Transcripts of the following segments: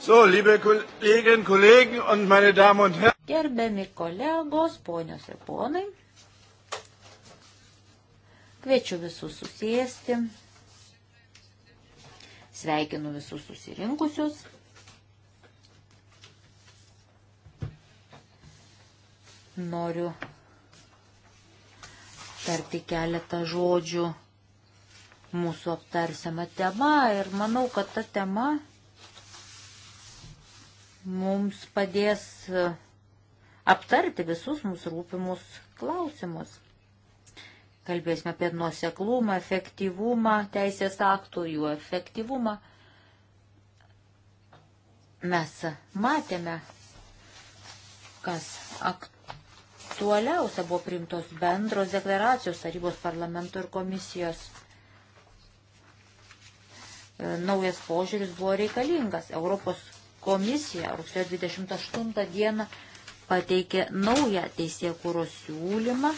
So, liebe Kolleginnen, Kollegen und meine Damen und Herren. Gerbiami kolegos, ponios ir ponai, kviečiu visus susėsti, sveikinu visus susirinkusius. Noriu tarti keletą žodžių mūsų aptarsiamą temą ir manau, kad ta tema mums padės e, aptarti visus mūsų rūpimus klausimus. Kalbėsime apie nuoseklumą, efektyvumą, teisės aktų, jų efektyvumą. Mes matėme, kas aktualiausia buvo primtos bendros deklaracijos tarybos parlamento ir komisijos e, naujas požiūris buvo reikalingas. Europos Komisija rugsėjo 28 dieną pateikė naują teisėkūros siūlymą,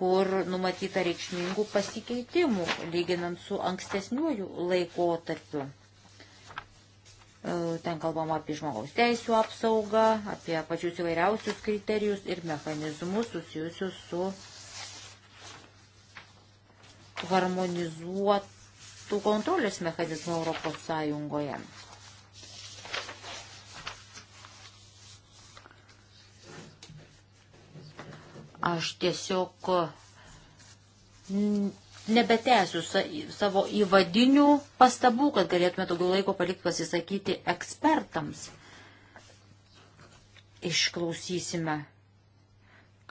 kur numatyta reikšmingų pasikeitimų, lyginant su ankstesniuoju laikotarpiu. E, ten kalbama apie žmogaus teisų apsaugą, apie pačius įvairiausius kriterijus ir mechanizmus susijusius su harmonizuotų kontrolės mechanizmų Europos Sąjungoje. Aš tiesiog nebetęsiu savo įvadinių pastabų, kad galėtume daugiau laiko palikti pasisakyti ekspertams. Išklausysime,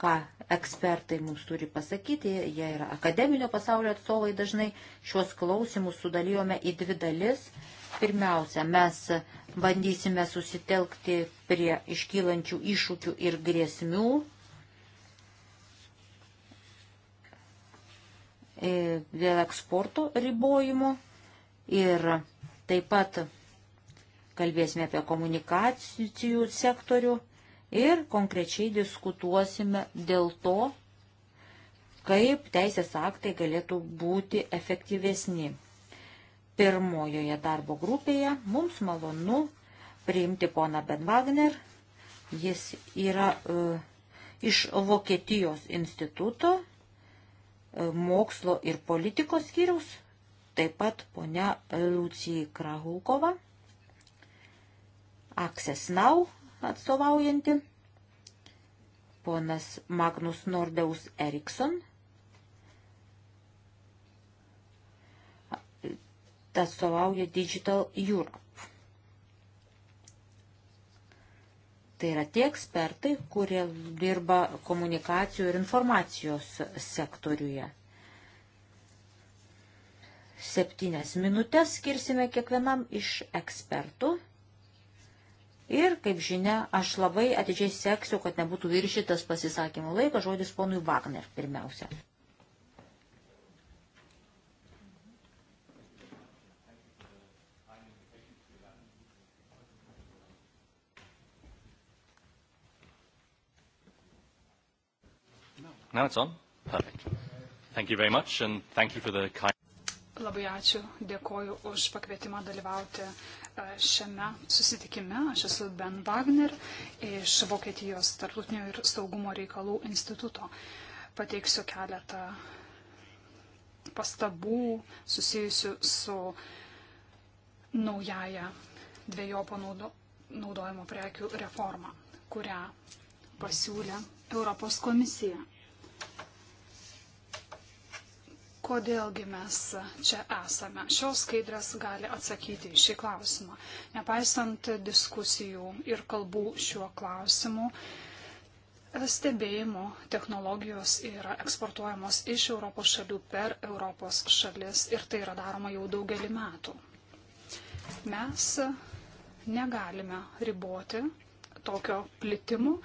ką ekspertai mums turi pasakyti. Jie yra akademinio pasaulio atstovai dažnai. Šiuos klausimus sudalyjome į dvi dalis. Pirmiausia, mes bandysime susitelkti prie iškylančių iššūkių ir grėsmių E, dėl eksporto ribojimo ir taip pat kalbėsime apie komunikacijų sektorių ir konkrečiai diskutuosime dėl to, kaip teisės aktai galėtų būti efektyvesni. Pirmojoje darbo grupėje mums malonu priimti poną Ben Wagner. Jis yra uh, iš Vokietijos instituto mokslo ir politikos skyriaus, taip pat ponia Lucija Krahulkova, Access Now atstovaujanti, ponas Magnus Nordeus Erikson, atstovauja Digital Europe. Tai yra tie ekspertai, kurie dirba komunikacijų ir informacijos sektoriuje. Septynes minutės skirsime kiekvienam iš ekspertų. Ir, kaip žinia, aš labai atidžiai seksiu, kad nebūtų viršytas pasisakymų laikas, žodis ponui Wagner pirmiausia. Now it's on? Perfect. Thank you very much and thank you for the kind. Labai ačiū, dėkoju už pakvietimą dalyvauti e, šiame susitikime. Aš esu Ben Wagner iš Vokietijos tarptautinio ir saugumo reikalų instituto. Pateiksiu keletą pastabų susijusių su naujaja dviejopo naudo, naudojimo prekių reforma, kurią pasiūlė Europos komisija. kodėlgi mes čia esame. Šios skaidrės gali atsakyti į šį klausimą. Nepaisant diskusijų ir kalbų šiuo klausimu, stebėjimo technologijos yra eksportuojamos iš Europos šalių per Europos šalis ir tai yra daroma jau daugelį metų. Mes negalime riboti tokio plitimo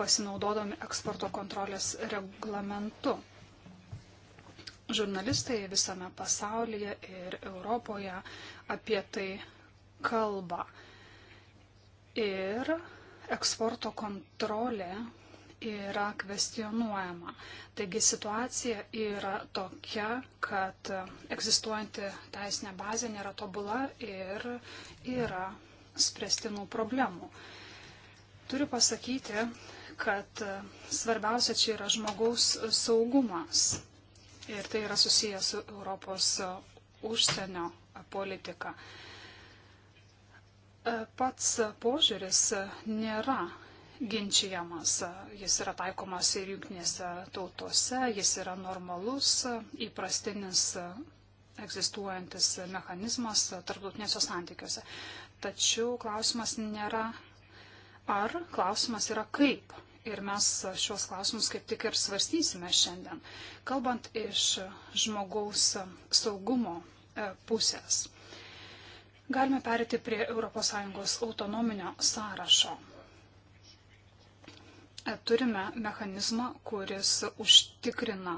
pasinaudodami eksporto kontrolės reglamentu. Žurnalistai visame pasaulyje ir Europoje apie tai kalba. Ir eksporto kontrolė yra kvestionuojama. Taigi situacija yra tokia, kad egzistuojanti teisinė bazė nėra tobula ir yra spręstinų problemų. Turiu pasakyti, kad svarbiausia čia yra žmogaus saugumas ir tai yra susijęs su Europos e, užsienio e, politika. E, pats požiūris nėra ginčiamas. Jis yra taikomas ir jungtinėse tautose, jis yra normalus, įprastinis egzistuojantis mechanizmas tarptautinėse santykiuose. Tačiau klausimas nėra ar, klausimas yra kaip ir mes šios klausimus kaip tik ir svarstysime šiandien. Kalbant iš žmogaus saugumo e, pusės, galime perėti prie ES autonominio sąrašo. E, turime mechanizmą, kuris užtikrina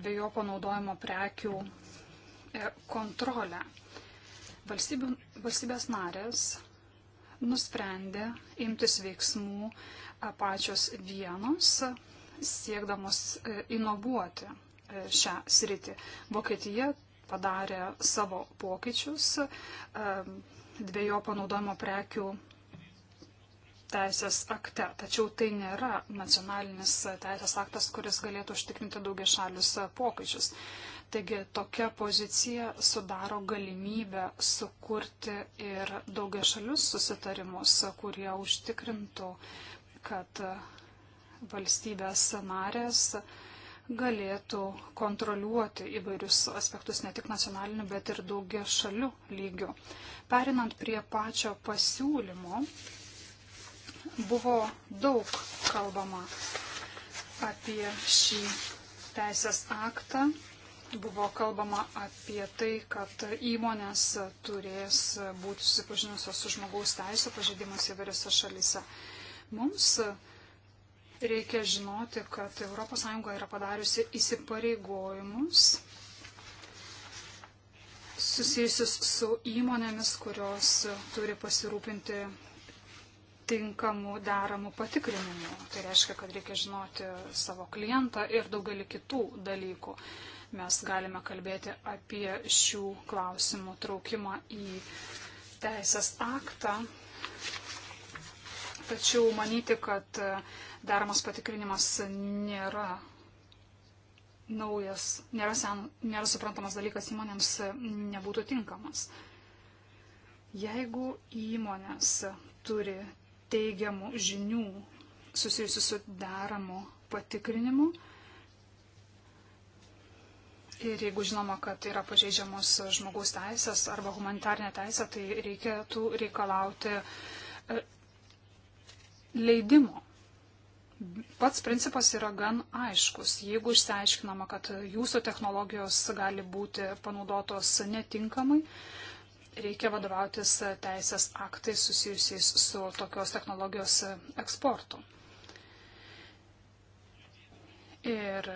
dviejų panaudojimo prekių e, kontrolę. Valstybių, valstybės narės nusprendė imtis veiksmų pačios vienos, siekdamos e, inovuoti e, šią sritį. Vokietija padarė savo pokyčius e, dviejų panaudojimo prekių teisės akte. Tačiau tai nėra nacionalinis teisės aktas, kuris galėtų užtikrinti daugia šalius pokyčius. Taigi tokia pozicija sudaro galimybę sukurti ir daugia šalius susitarimus, kurie užtikrintų kad valstybės narės galėtų kontroliuoti įvairius aspektus ne tik nacionaliniu, bet ir daugia šalių lygiu. Perinant prie pačio pasiūlymo, buvo daug kalbama apie šį teisės aktą. Buvo kalbama apie tai, kad įmonės turės būti susipažinusios su žmogaus teisų pažeidimas įvairiose šalyse. Mums reikia žinoti, kad ES yra padariusi įsipareigojimus susijusius su įmonėmis, kurios turi pasirūpinti tinkamų deramų patikrinimų. Tai reiškia, kad reikia žinoti savo klientą ir daugelį kitų dalykų. Mes galime kalbėti apie šių klausimų traukimą į teisės aktą, tačiau manyti, kad e, daromas patikrinimas nėra naujas, nėra, sen, nėra suprantamas dalykas įmonėms, e, nebūtų tinkamas. Jeigu įmonės turi teigiamų žinių susijusių su deramu patikrinimu ir jeigu žinoma, kad yra pažeidžiamos žmogaus teisės arba humanitarinė teisė, tai reikėtų reikalauti e, leidimo. Pats principas yra gan aiškus. Jeigu išsiaiškinama, kad jūsų technologijos gali būti panaudotos netinkamai, reikia vadovautis teisės aktais susijusiais su tokios technologijos eksportu. Ir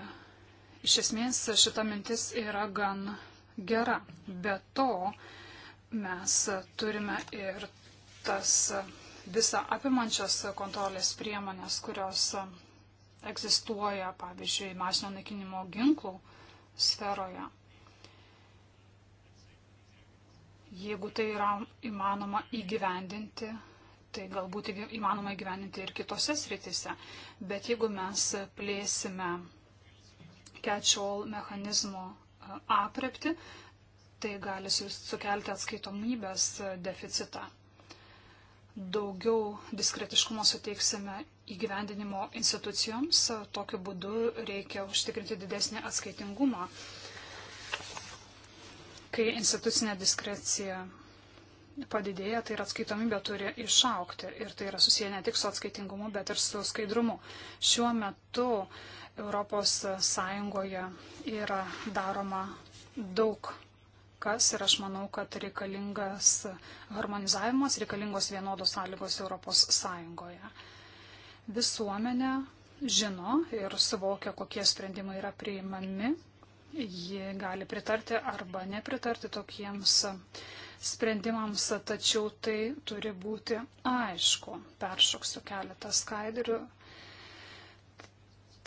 iš esmės šita mintis yra gan gera. Be to mes turime ir tas visą apimančias kontrolės priemonės, kurios egzistuoja, pavyzdžiui, masinio naikinimo ginklų sferoje. Jeigu tai yra įmanoma įgyvendinti, tai galbūt įmanoma įgyvendinti ir kitose sritise. Bet jeigu mes plėsime catch-all mechanizmo e, aprepti, tai gali sukelti atskaitomybės e, deficitą daugiau diskretiškumo suteiksime įgyvendinimo institucijoms, tokiu būdu reikia užtikrinti didesnį atskaitingumą, kai institucinė diskrecija padidėja, tai ir atskaitomybė turi išaukti. Ir tai yra susiję ne tik su atskaitingumu, bet ir su skaidrumu. Šiuo metu ES yra daroma daug tvarkas ir aš manau, kad reikalingas harmonizavimas, reikalingos vienodos sąlygos ES. Visuomenė žino ir suvokia, kokie sprendimai yra priimami. Ji gali pritarti arba nepritarti tokiems sprendimams, tačiau tai turi būti aišku. Peršoksiu keletą skaidrių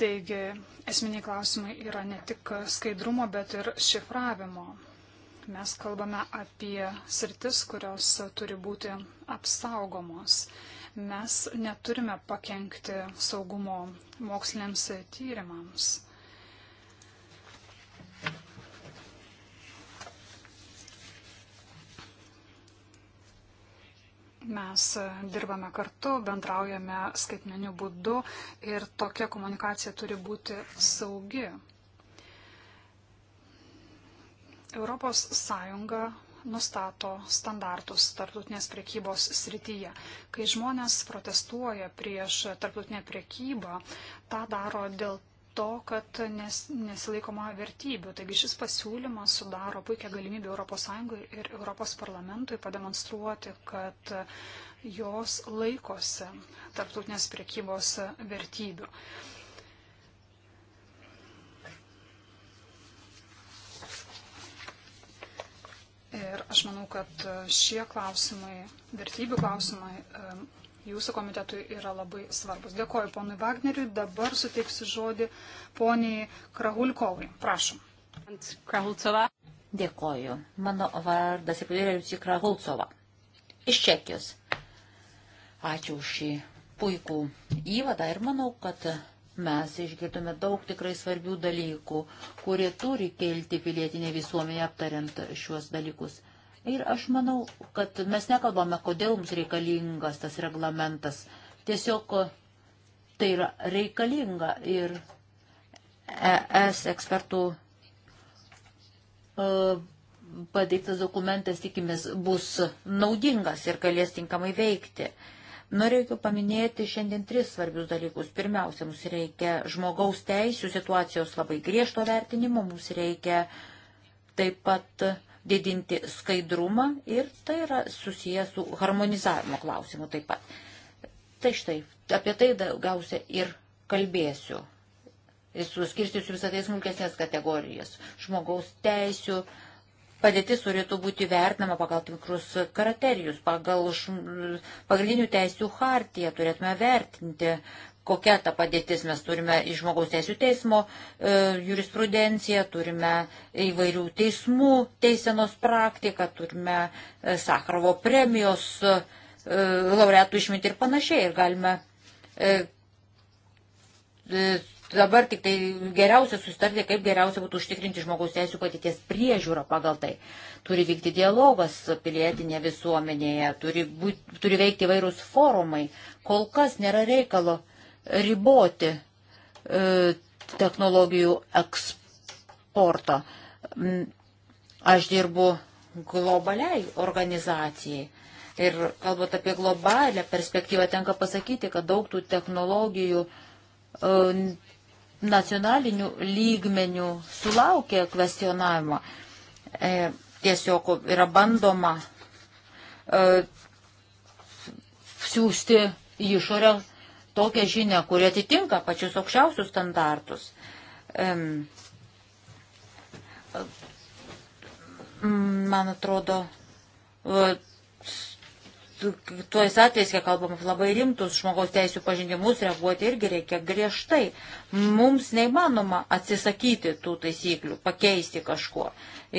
Taigi esminiai klausimai yra ne tik skaidrumo, bet ir šifravimo. Mes kalbame apie sritis, kurios turi būti apsaugomos. Mes neturime pakengti saugumo moksliniams tyrimams. mes dirbame kartu, bendraujame skaitmeniu būdu ir tokia komunikacija turi būti saugi. Europos Sąjunga nustato standartus tarptautinės priekybos srityje. Kai žmonės protestuoja prieš tarptautinę priekybą, tą daro dėl to, kad nes, nesilaikoma vertybių. Taigi šis pasiūlymas sudaro puikią galimybę ES ir ES parlamentui pademonstruoti, kad jos laikosi tarptautinės priekybos vertybių. Ir aš manau, kad šie klausimai, vertybių klausimai jūsų komitetui yra labai svarbus. Dėkoju ponui Wagneriui. Dabar suteiksiu žodį poniai Krahulkovai. Prašom. Krahulcova. Dėkoju. Mano vardas Ekvirėjusi Krahulcova. Iš Čekijos. Ačiū už šį puikų įvadą ir manau, kad mes išgirdome daug tikrai svarbių dalykų, kurie turi kelti pilietinė visuomenė aptariant šiuos dalykus. Ir aš manau, kad mes nekalbame, kodėl mums reikalingas tas reglamentas. Tiesiog tai yra reikalinga ir ES ekspertų e, pateiktas dokumentas, tikimės, bus naudingas ir galės tinkamai veikti. Uh, Norėjau paminėti šiandien tris svarbius dalykus. Pirmiausia, mums reikia žmogaus teisų situacijos labai griežto vertinimo, mums reikia taip pat didinti skaidrumą ir tai yra susijęs su harmonizavimo klausimu taip pat. Tai štai, apie tai daugiausia ir kalbėsiu. Ir suskirstysiu visą tai smulkesnės kategorijas. Žmogaus teisų, uh, padėtis turėtų būti vertinama pagal tikrus kriterijus, pagal pagrindinių teisių hartiją turėtume vertinti, kokia ta padėtis mes turime iš žmogaus teisų teismo e, jurisprudenciją, turime įvairių teismų teisenos praktiką, turime e, Sakarovo premijos e, laureatų išminti ir panašiai. Ir galime e, e, dabar tik tai geriausia sustarti, kaip geriausia būtų užtikrinti žmogaus teisų patyties priežiūrą pagal tai. Turi vykti dialogas pilietinė visuomenėje, turi, būt, turi veikti vairūs forumai. Kol kas nėra reikalo riboti e, technologijų eksporto. Aš dirbu globaliai organizacijai. Ir kalbant apie globalę perspektyvą, tenka pasakyti, kad daug tų technologijų e, nacionalinių lygmenių sulaukė kvestionavimo. E, tiesiog yra bandoma e, siūsti į išorę tokią žinią, kuri atitinka pačius aukščiausius standartus. E, man atrodo, e, tuos atvejais, kai kalbam labai rimtus žmogaus teisų pažindimus, reaguoti irgi reikia griežtai. Mums neįmanoma atsisakyti tų taisyklių, pakeisti kažkuo.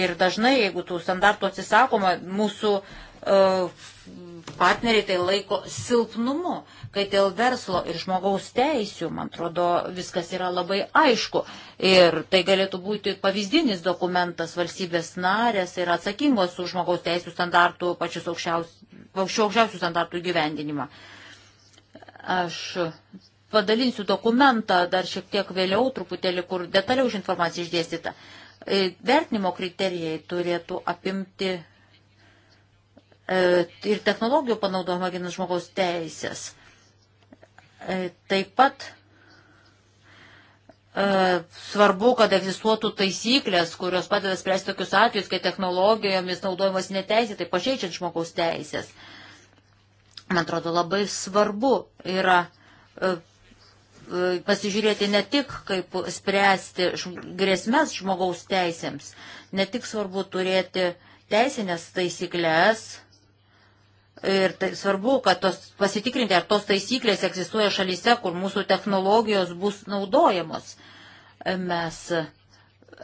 Ir dažnai, jeigu tų standartų atsisakoma, mūsų uh, partneriai tai laiko silpnumu, kai dėl verslo ir žmogaus teisių, man atrodo, viskas yra labai aišku. Ir tai galėtų būti pavyzdinis dokumentas valstybės narės ir atsakingos už žmogaus teisų standartų pačius aukščiausius šio aukščiausių standartų gyvendinimą. Aš padalinsiu dokumentą dar šiek tiek vėliau, truputėlį, kur detaliau už informaciją išdėstyta. E, vertinimo kriterijai turėtų apimti e, ir technologijų panaudojimą ginant žmogaus teisės. E, taip pat E, svarbu, kad egzistuotų taisyklės, kurios padeda spręsti tokius atvejus, kai technologijomis naudojamas neteisėtai, pažeidžiant žmogaus teisės. Man atrodo, labai svarbu yra e, e, pasižiūrėti ne tik, kaip spręsti grėsmės žmogaus teisėms, ne tik svarbu turėti teisinės taisyklės, Ir tai svarbu, kad tos, pasitikrinti, ar tos taisyklės egzistuoja šalyse, kur mūsų technologijos bus naudojamos. Mes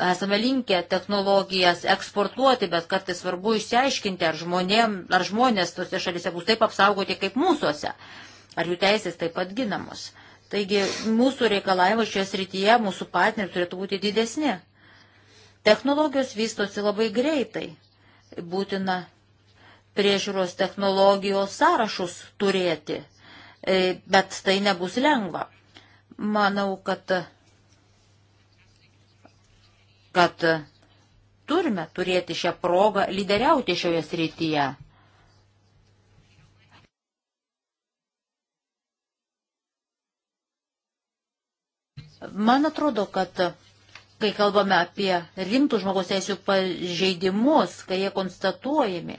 esame linkę technologijas eksportuoti, bet kartais svarbu išsiaiškinti, ar, žmonėm, ar žmonės tose šalyse bus taip apsaugoti kaip mūsųse, ar jų teisės taip pat ginamos. Taigi mūsų reikalavimai šioje srityje, mūsų partneriai turėtų būti didesni. Technologijos vystosi labai greitai. Būtina priežiūros technologijos sąrašus turėti, e, bet tai nebus lengva. Manau, kad, kad turime turėti šią progą lyderiauti šioje srityje. Man atrodo, kad kai kalbame apie rimtų žmogaus teisų pažeidimus, kai jie konstatuojami,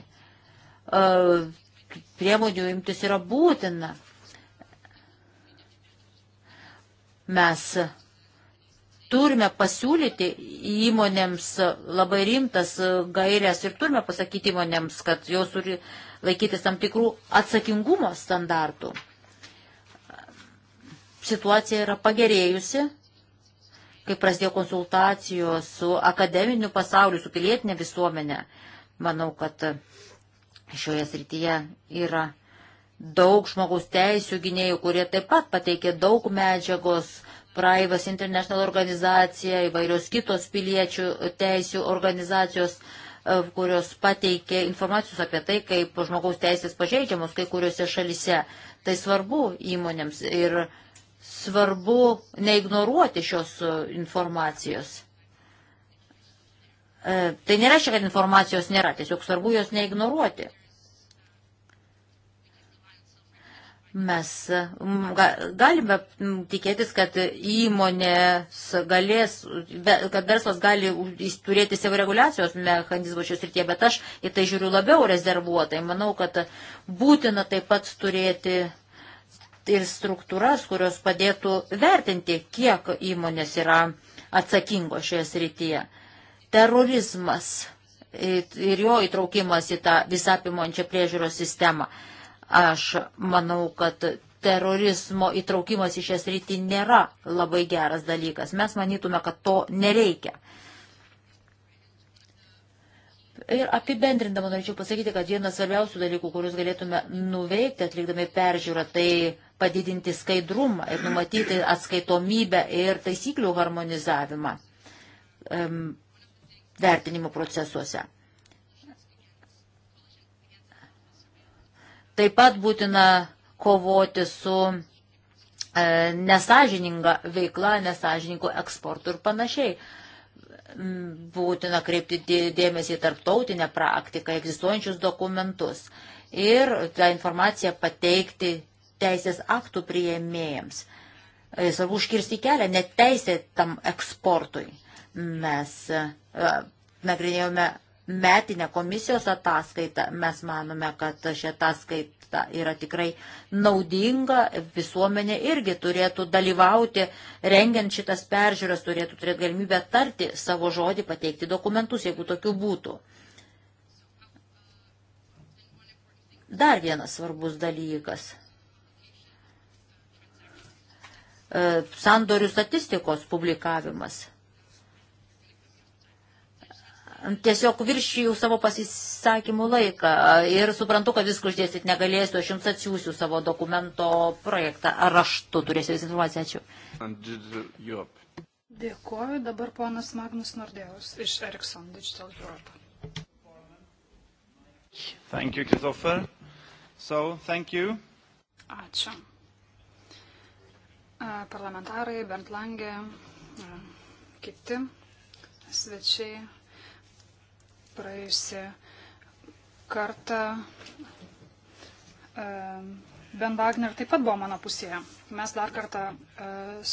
E, priemonių imtis yra būtina. Mes turime pasiūlyti įmonėms labai rimtas gairias ir turime pasakyti įmonėms, kad jos turi laikytis tam tikrų atsakingumo standartų. Situacija yra pagerėjusi, kai prasidėjo konsultacijos su akademiniu pasauliu, su pilietinė visuomenė. Manau, kad Šioje srityje yra daug žmogaus teisų gynėjų, kurie taip pat pateikė daug medžiagos. Praivas International organizacija, įvairios kitos piliečių teisų organizacijos, e, kurios pateikė informacijos apie tai, kaip žmogaus teisės pažeidžiamos kai kuriuose šalise. Tai svarbu įmonėms ir svarbu neignoruoti šios e, informacijos. E, tai nereiškia, kad informacijos nėra, tiesiog svarbu jos neignoruoti. Mes galime tikėtis, kad įmonės galės, kad verslas gali turėti savo reguliacijos mechanizmų šios rytie, bet aš į tai žiūriu labiau rezervuotai. Manau, kad būtina taip pat turėti ir struktūras, kurios padėtų vertinti, kiek įmonės yra atsakingos šioje srityje. Terorizmas ir jo įtraukimas į tą visapimončią priežiūros sistemą. Aš manau, kad terorizmo įtraukimas į šią sritį nėra labai geras dalykas. Mes manytume, kad to nereikia. Ir apibendrindama norėčiau pasakyti, kad vienas svarbiausių dalykų, kuriuos galėtume nuveikti atlikdami peržiūrą, tai padidinti skaidrumą ir numatyti atskaitomybę ir taisyklių harmonizavimą um, vertinimo procesuose. Taip pat būtina kovoti su e, nesažininga veikla, nesažininku eksportu ir panašiai. Būtina kreipti dėmesį į tarptautinę praktiką, egzistuojančius dokumentus ir tą informaciją pateikti teisės aktų prieėmėjams. E, svarbu užkirsti kelią neteisėtam eksportui. Mes e, nagrinėjome metinę komisijos ataskaitą, mes manome, kad ši ataskaita yra tikrai naudinga, visuomenė irgi turėtų dalyvauti, rengiant šitas peržiūras, turėtų turėti galimybę tarti savo žodį, pateikti dokumentus, jeigu tokių būtų. Dar vienas svarbus dalykas. E, sandorių statistikos publikavimas tiesiog viršijau savo pasisakymų laiką ir suprantu, kad viską uždėsit negalėsiu, aš jums atsiųsiu savo dokumento projektą ar raštu, turėsiu visą informaciją, ačiū. Uh, Dėkuoju, dabar ponas Magnus Nordėjus iš Ericsson Digital Europe. Thank you, Christopher. So, thank you. Ačiū. Parlamentarai, Bent Langė, kiti svečiai praėjusi kartą e, Ben Wagner taip pat buvo mano pusėje. Mes dar kartą e,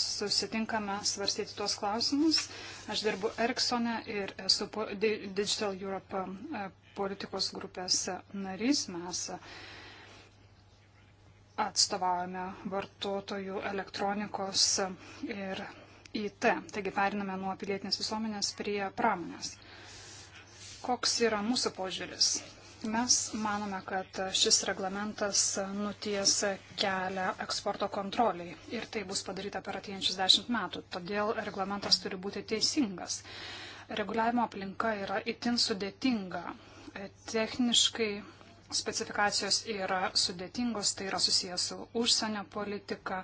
susitinkame svarstyti tuos klausimus. Aš dirbu Eriksone ir esu Digital Europe e, politikos grupės narys. Mes atstovaujame vartotojų elektronikos ir IT. Taigi periname nuo pilietinės visuomenės prie pramonės. Koks yra mūsų požiūris? Mes manome, kad šis reglamentas nuties kelią eksporto kontroliai ir tai bus padaryta per atėjančius dešimt metų. Todėl reglamentas turi būti teisingas. Reguliavimo aplinka yra itin sudėtinga. Techniškai specifikacijos yra sudėtingos, tai yra susijęs su užsienio politika,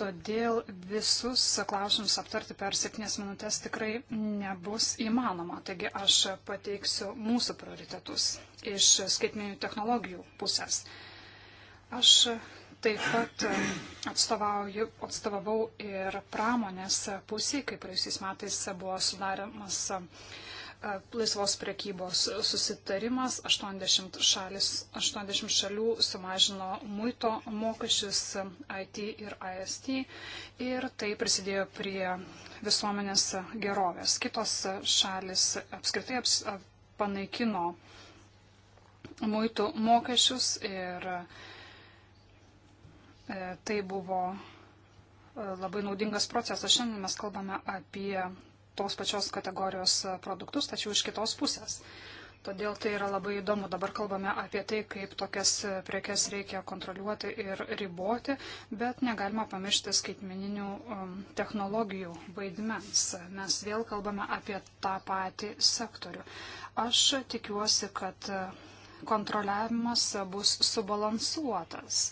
Todėl visus klausimus aptarti per septynias minutės tikrai nebus įmanoma. Taigi aš pateiksiu mūsų prioritetus iš skaitminių technologijų pusės. Aš taip pat atstovavau ir pramonės pusiai, kai praėjusiais metais buvo sudarimas E, laisvos priekybos susitarimas, 80, šalis, 80 šalių sumažino muito mokesčius IT ir IST ir tai prisidėjo prie visuomenės gerovės. Kitos šalis apskritai aps, e, panaikino muitų mokesčius ir e, tai buvo e, labai naudingas procesas. Šiandien mes kalbame apie tos pačios kategorijos produktus, tačiau iš kitos pusės. Todėl tai yra labai įdomu. Dabar kalbame apie tai, kaip tokias prekes reikia kontroliuoti ir riboti, bet negalima pamiršti skaitmeninių um, technologijų vaidmens. Mes vėl kalbame apie tą patį sektorių. Aš tikiuosi, kad kontroliavimas bus subalansuotas.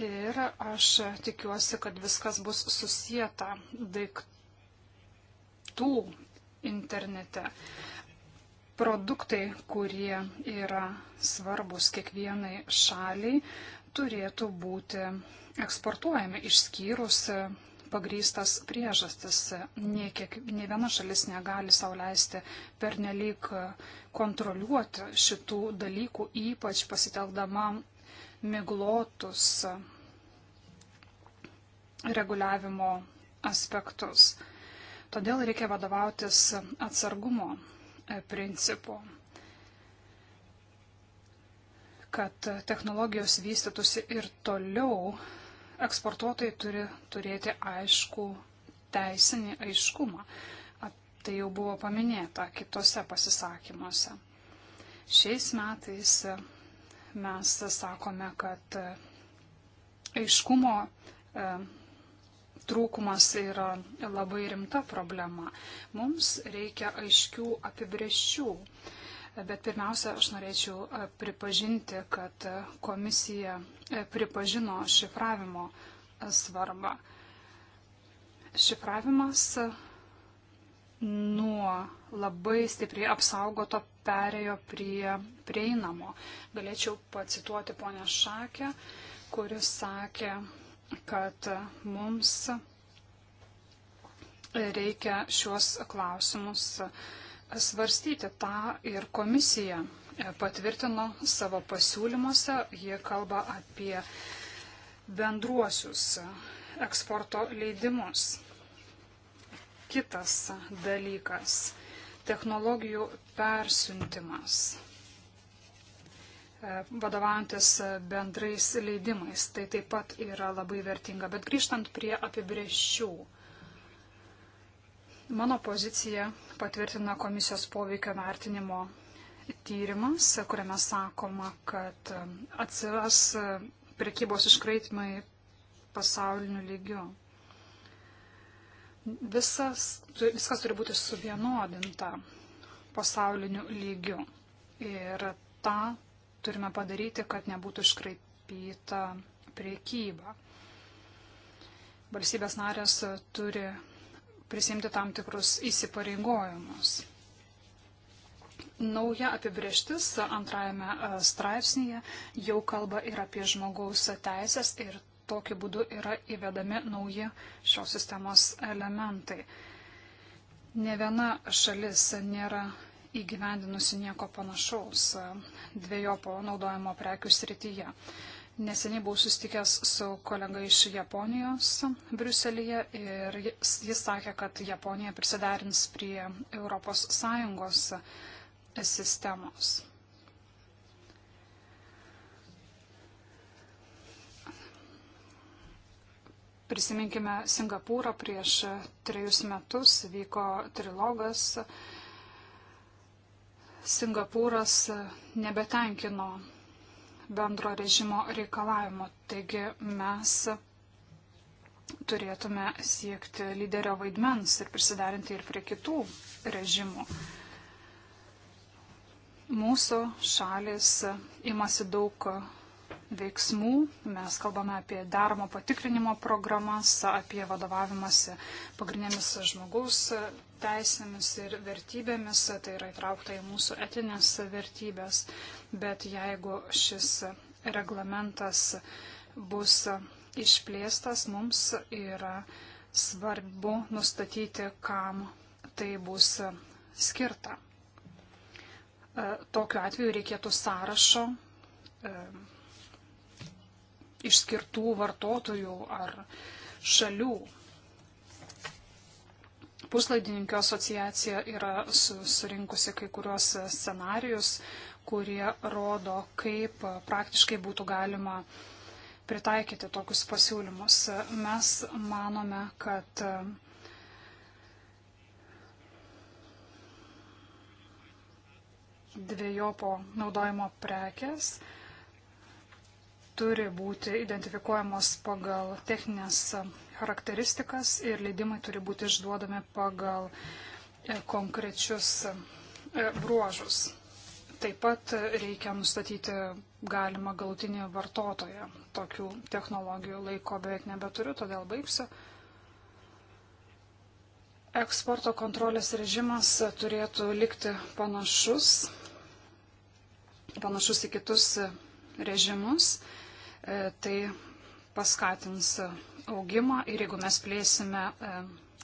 Ir aš tikiuosi, kad viskas bus susijęta daiktų internete. Produktai, kurie yra svarbus kiekvienai šaliai, turėtų būti eksportuojami išskyrus pagrystas priežastis. Ne, kiek, ne viena šalis negali sauliaisti pernelyg kontroliuoti šitų dalykų, ypač pasitelkdama miglotus reguliavimo aspektus. Todėl reikia vadovautis atsargumo e, principu kad technologijos vystytųsi ir toliau, eksportuotojai turi turėti aišku teisinį aiškumą. Tai jau buvo paminėta kitose pasisakymuose. Šiais metais mes sakome, kad e, aiškumo e, trūkumas yra labai rimta problema. Mums reikia aiškių apibrėžčių. Bet pirmiausia, aš norėčiau e, pripažinti, kad komisija pripažino šifravimo svarbą. Šifravimas nuo labai stipriai apsaugoto perėjo prie prieinamo. Galėčiau pacituoti ponę Šakę, kuris sakė, kad mums reikia šiuos klausimus svarstyti. Ta ir komisija patvirtino savo pasiūlymuose. Jie kalba apie bendruosius eksporto leidimus. Kitas dalykas technologijų persiuntimas, e, vadovantis bendrais leidimais. Tai taip pat yra labai vertinga. Bet grįžtant prie apibrėžčių. Mano poziciją patvirtina komisijos poveikio vertinimo tyrimas, kuriame sakoma, kad e, atsiras e, prekybos iškraipimai pasauliniu lygiu visas, viskas turi būti suvienodinta pasauliniu lygiu. Ir tą turime padaryti, kad nebūtų iškraipyta priekyba. Valstybės narės turi prisimti tam tikrus įsipareigojimus. Nauja apibrieštis antrajame e, straipsnėje jau kalba ir apie žmogaus teisės ir tokiu būdu yra įvedami nauji šios sistemos elementai. Ne viena šalis nėra įgyvendinusi nieko panašaus dviejopo naudojimo prekių srityje. Neseniai buvau sustikęs su kolega iš Japonijos Briuselyje ir jis, jis sakė, kad Japonija prisiderins prie ES sistemos. Prisiminkime Singapūrą prieš e, trejus metus vyko trilogas. Singapūras e, nebetenkino bendro režimo reikalavimo. Taigi mes turėtume siekti lyderio vaidmens ir prisiderinti ir prie kitų režimų. Mūsų šalis e, imasi daug veiksmų. Mes kalbame apie darbo patikrinimo programas, apie vadovavimąsi pagrindinėmis žmogaus teisėmis ir vertybėmis. Tai yra įtraukta į mūsų etinės vertybės. Bet jeigu šis reglamentas bus išplėstas, mums yra svarbu nustatyti, kam tai bus skirta. Tokiu atveju reikėtų sąrašo išskirtų vartotojų ar šalių. Puslaidininkio asociacija yra surinkusi kai kurios scenarius, kurie rodo, kaip praktiškai būtų galima pritaikyti tokius pasiūlymus. Mes manome, kad dviejopo naudojimo prekės turi būti identifikuojamos pagal techninės charakteristikas ir leidimai turi būti išduodami pagal e, konkrečius e, bruožus. Taip pat reikia nustatyti galima galutinį vartotoją. Tokių technologijų laiko beveik nebeturiu, todėl baigsiu. Eksporto kontrolės režimas turėtų likti panašus, panašus į kitus režimus. E, tai paskatins augimą ir jeigu mes plėsime e,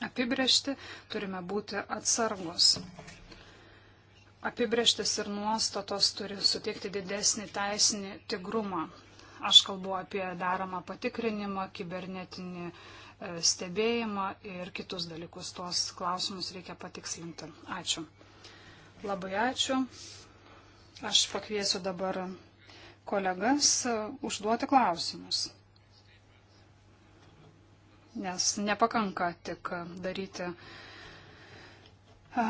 apibriešti, turime būti atsargus. Apibrieštis ir nuostatos turi suteikti didesnį teisinį tigrumą. Aš kalbu apie daromą patikrinimą, kibernetinį e, stebėjimą ir kitus dalykus. Tuos klausimus reikia patikslinti. Ačiū. Labai ačiū. Aš pakviesiu dabar kolegas e, užduoti klausimus. Nes nepakanka tik daryti e,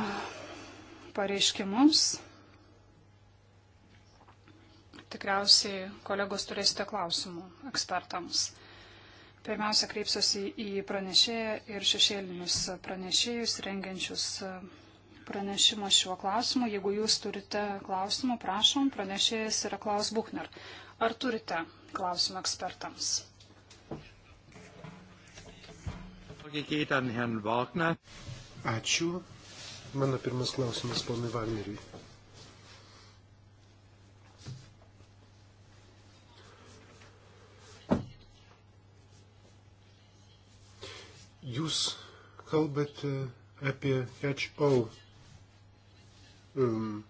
pareiškimus. Tikriausiai kolegos turėsite klausimų ekspertams. Pirmiausia, kreipsiuosi į pranešėją ir šešėlinius pranešėjus rengiančius e, pranešimo šiuo klausimu. Jeigu jūs turite klausimų, prašom, pranešėjas yra Klaus Buchner. Ar turite klausimų ekspertams? Ačiū. Mano pirmas klausimas ponui Wagneriui. Jūs kalbate apie catch-all Um,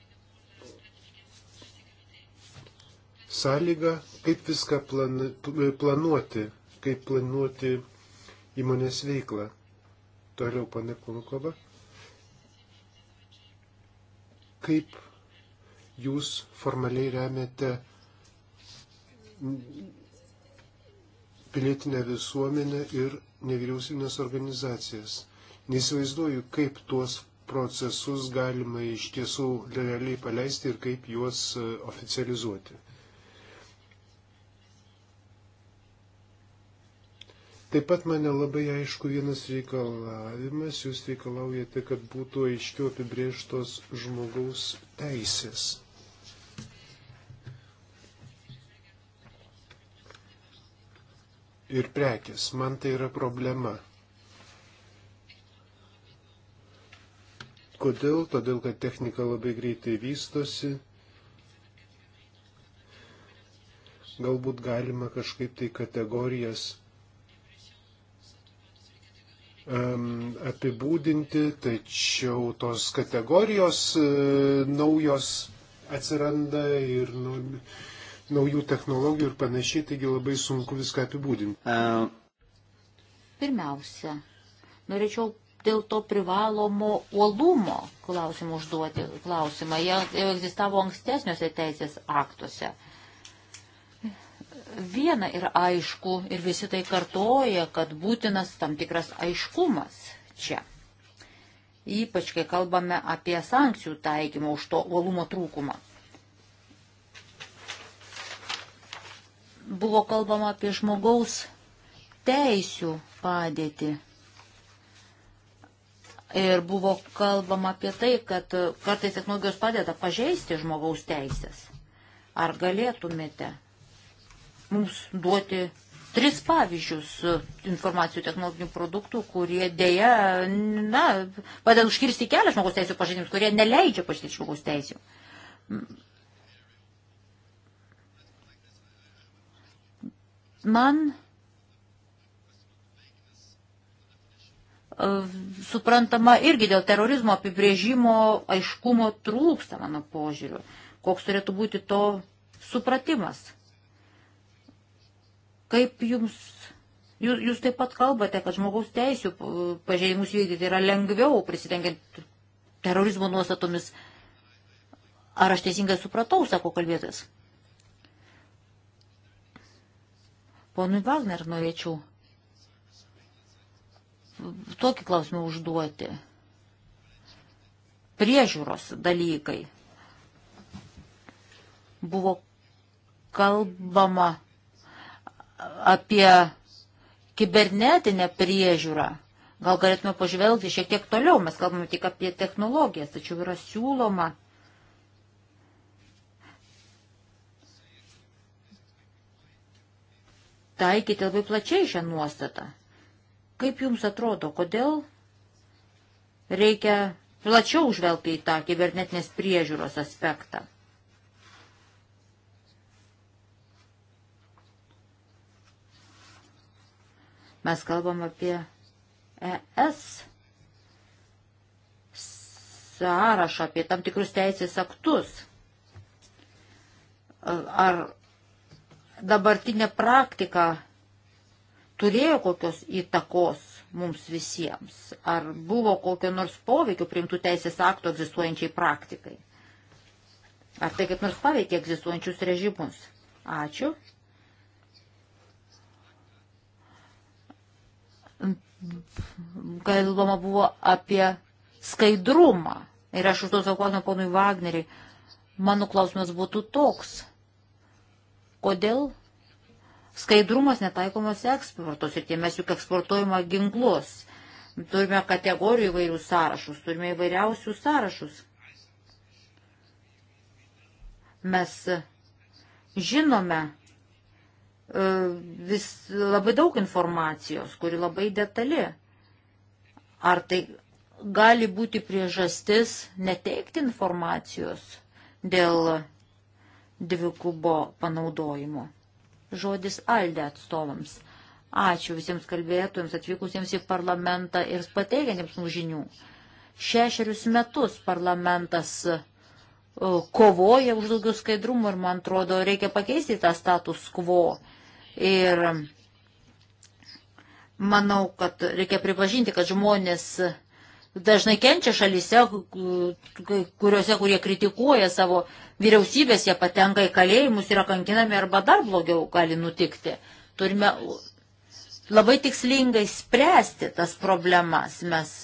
sąlyga, kaip viską plan, planuoti, kaip planuoti įmonės veiklą. Toliau, pane Kunkova, kaip jūs formaliai remiate pilietinę visuomenę ir nevyriausybinės organizacijas. Neįsivaizduoju, kaip tuos procesus galima iš tiesų realiai paleisti ir kaip juos e, oficializuoti. Taip pat mane labai aišku vienas reikalavimas, jūs reikalaujate, kad būtų aiškiau apibrieštos žmogaus teisės. Ir prekės, man tai yra problema. Kodėl? Todėl, kad technika labai greitai vystosi. Galbūt galima kažkaip tai kategorijas um, apibūdinti, tačiau tos kategorijos uh, naujos atsiranda ir nu, naujų technologijų ir panašiai, taigi labai sunku viską apibūdinti. Pirmiausia, norėčiau dėl to privalomo uolumo klausimų užduoti klausimą. Jie jau egzistavo ankstesniuose teisės aktuose. Viena yra aišku ir visi tai kartoja, kad būtinas tam tikras aiškumas čia. Ypač, kai kalbame apie sankcijų taikymą už to uolumo trūkumą. Buvo kalbama apie žmogaus teisių padėtį Ir buvo kalbama apie tai, kad kartais technologijos padeda pažeisti žmogaus teisės. Ar galėtumėte mums duoti tris pavyzdžius informacijų technologinių produktų, kurie dėja, na, padeda užkirsti kelią žmogaus teisų pažeidimus, kurie neleidžia pažeisti žmogaus teisų. Man suprantama, irgi dėl terorizmo apibrėžimo aiškumo trūksta, mano požiūriu. Koks turėtų būti to supratimas? Kaip jums, jūs, jūs taip pat kalbate, kad žmogaus teisų pažeidimus vykdyti yra lengviau prisidengiant terorizmo nuostatomis. Ar aš teisingai supratau, sako kalbėtas? Ponui Wagner norėčiau tokį klausimą užduoti. Priežiūros dalykai. Buvo kalbama apie kibernetinę priežiūrą. Gal galėtume pažvelgti šiek tiek toliau, mes kalbame tik apie technologijas, tačiau yra siūloma taikyti labai plačiai šią nuostatą. Kaip jums atrodo, kodėl reikia plačiau žvelgti į tą kibernetinės priežiūros aspektą? Mes kalbam apie ES sąrašą, apie tam tikrus teisės aktus. Ar dabartinė praktika turėjo kokios įtakos mums visiems? Ar buvo kokio nors poveikio priimtų teisės aktų egzistuojančiai praktikai? Ar tai kaip nors paveikė egzistuojančius režimus? Ačiū. Kalbama buvo apie skaidrumą. Ir aš užduosiu klausimą ponui Wagneriai. Mano klausimas būtų toks. Kodėl Skaidrumas netaikomas eksportos ir tie mes juk eksportuojama ginklus. Turime kategorijų įvairių sąrašus, turime įvairiausių sąrašus. Mes e, žinome e, vis labai daug informacijos, kuri labai detali. Ar tai gali būti priežastis neteikti informacijos dėl dvigubo panaudojimo žodis Alde atstovams. Ačiū visiems kalbėtojams atvykusiems į parlamentą ir pateikiantiems mums žinių. Šešerius metus parlamentas e, kovoja už daugiau skaidrumų ir, man atrodo, reikia pakeisti tą status quo. Ir manau, kad reikia pripažinti, kad žmonės dažnai kenčia šalise, kuriuose, kurie kritikuoja savo vyriausybės, jie patenka į kalėjimus, yra kankinami arba dar blogiau gali nutikti. Turime labai tikslingai spręsti tas problemas. Mes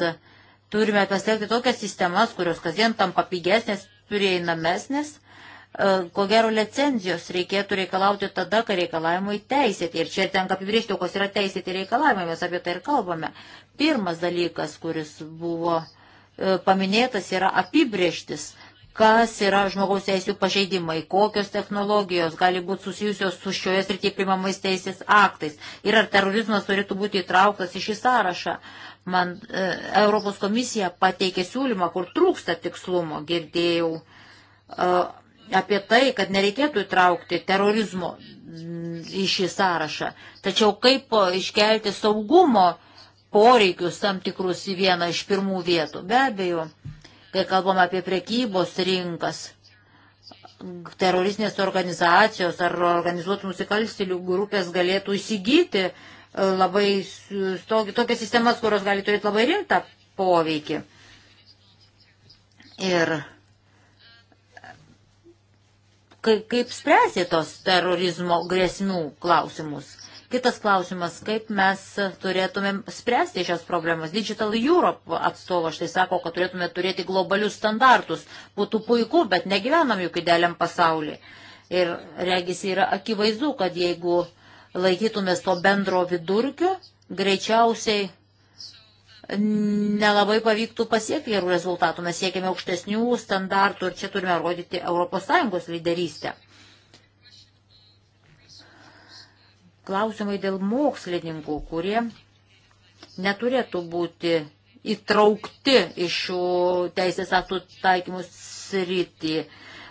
turime pasiekti tokias sistemas, kurios kasdien tampa pigesnės, prieinamesnės. E, ko gero, licenzijos reikėtų reikalauti tada, kai reikalavimai teisėti. Ir čia tenka apibriežti, kokios yra teisėti reikalavimai, mes apie tai ir kalbame. Pirmas dalykas, kuris buvo e, paminėtas, yra apibrieštis, kas yra žmogaus teisų pažeidimai, kokios technologijos gali būti susijusios su šioje srityje primamais teisės aktais ir ar terorizmas turėtų būti įtrauktas į šį sąrašą. Man e, Europos komisija pateikė siūlymą, kur trūksta tikslumo, girdėjau e, apie tai, kad nereikėtų įtraukti terorizmo į šį sąrašą. Tačiau kaip e, iškelti saugumo e, poreikius tam tikrus į vieną iš pirmų vietų. Be abejo, kai kalbam apie prekybos rinkas, teroristinės organizacijos ar organizuotų nusikalstilių grupės galėtų įsigyti e, labai tokias sistemas, kurios gali turėti labai rimtą poveikį. Ir kaip, kaip spręsė tos terorizmo grėsmių klausimus. Kitas klausimas, kaip mes turėtumėm spręsti šias problemas. Digital Europe atstovo štai sako, kad turėtume turėti globalius standartus. Būtų puiku, bet negyvenam juk idealiam pasaulyje. Ir regis yra akivaizdu, kad jeigu laikytumės to bendro vidurkio, greičiausiai nelabai pavyktų pasiekti gerų rezultatų. Mes siekime aukštesnių standartų ir čia turime rodyti ES lyderystę. klausimai dėl mokslininkų, kurie neturėtų būti įtraukti iš šių teisės aktų taikymus sritį.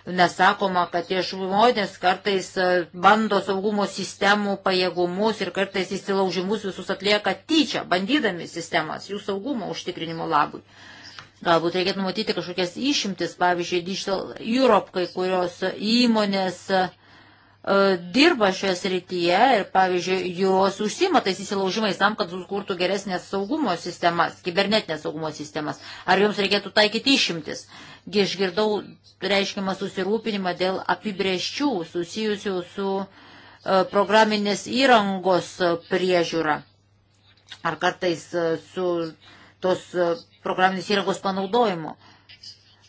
Nesakoma, kad tie žmonės kartais bando saugumo sistemų pajėgumus ir kartais įsilaužimus visus atlieka tyčia, bandydami sistemas jų saugumo užtikrinimo labui. Galbūt reikėtų numatyti kažkokias išimtis, pavyzdžiui, Digital Europe, kai kurios įmonės uh, E, dirba šioje srityje ir, pavyzdžiui, jos užsima tais įsilaužimais tam, kad sukurtų geresnės saugumo sistemas, kibernetinės saugumo sistemas. Ar jums reikėtų taikyti išimtis? Išgirdau reiškimą susirūpinimą dėl apibrieščių susijusių su e, programinės įrangos priežiūra. Ar kartais e, su tos programinės įrangos panaudojimu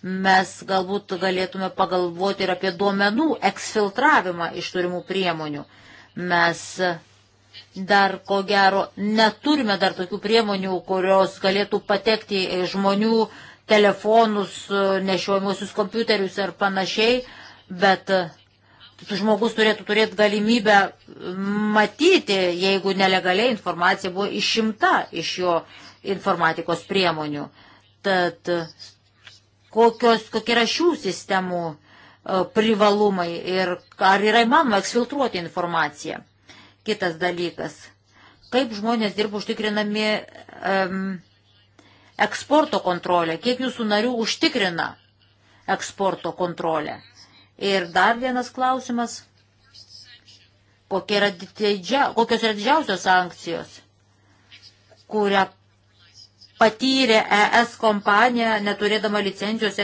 mes galbūt galėtume pagalvoti ir apie duomenų eksfiltravimą iš turimų priemonių. Mes dar ko gero neturime dar tokių priemonių, kurios galėtų patekti į žmonių telefonus, nešiojimuosius kompiuterius ar panašiai, bet žmogus turėtų turėti galimybę matyti, jeigu nelegaliai informacija buvo išimta iš jo informatikos priemonių. Tad kokios, kokie yra šių sistemų e, privalumai ir ar yra įmanoma eksfiltruoti informaciją. Kitas dalykas, kaip žmonės dirba užtikrinami um, eksporto kontrolę, kiek jūsų narių užtikrina eksporto kontrolę. Ir dar vienas klausimas, kokie yra didžia, kokios yra didžiausios sankcijos, kurią patyrė ES kompanija, neturėdama licencijos,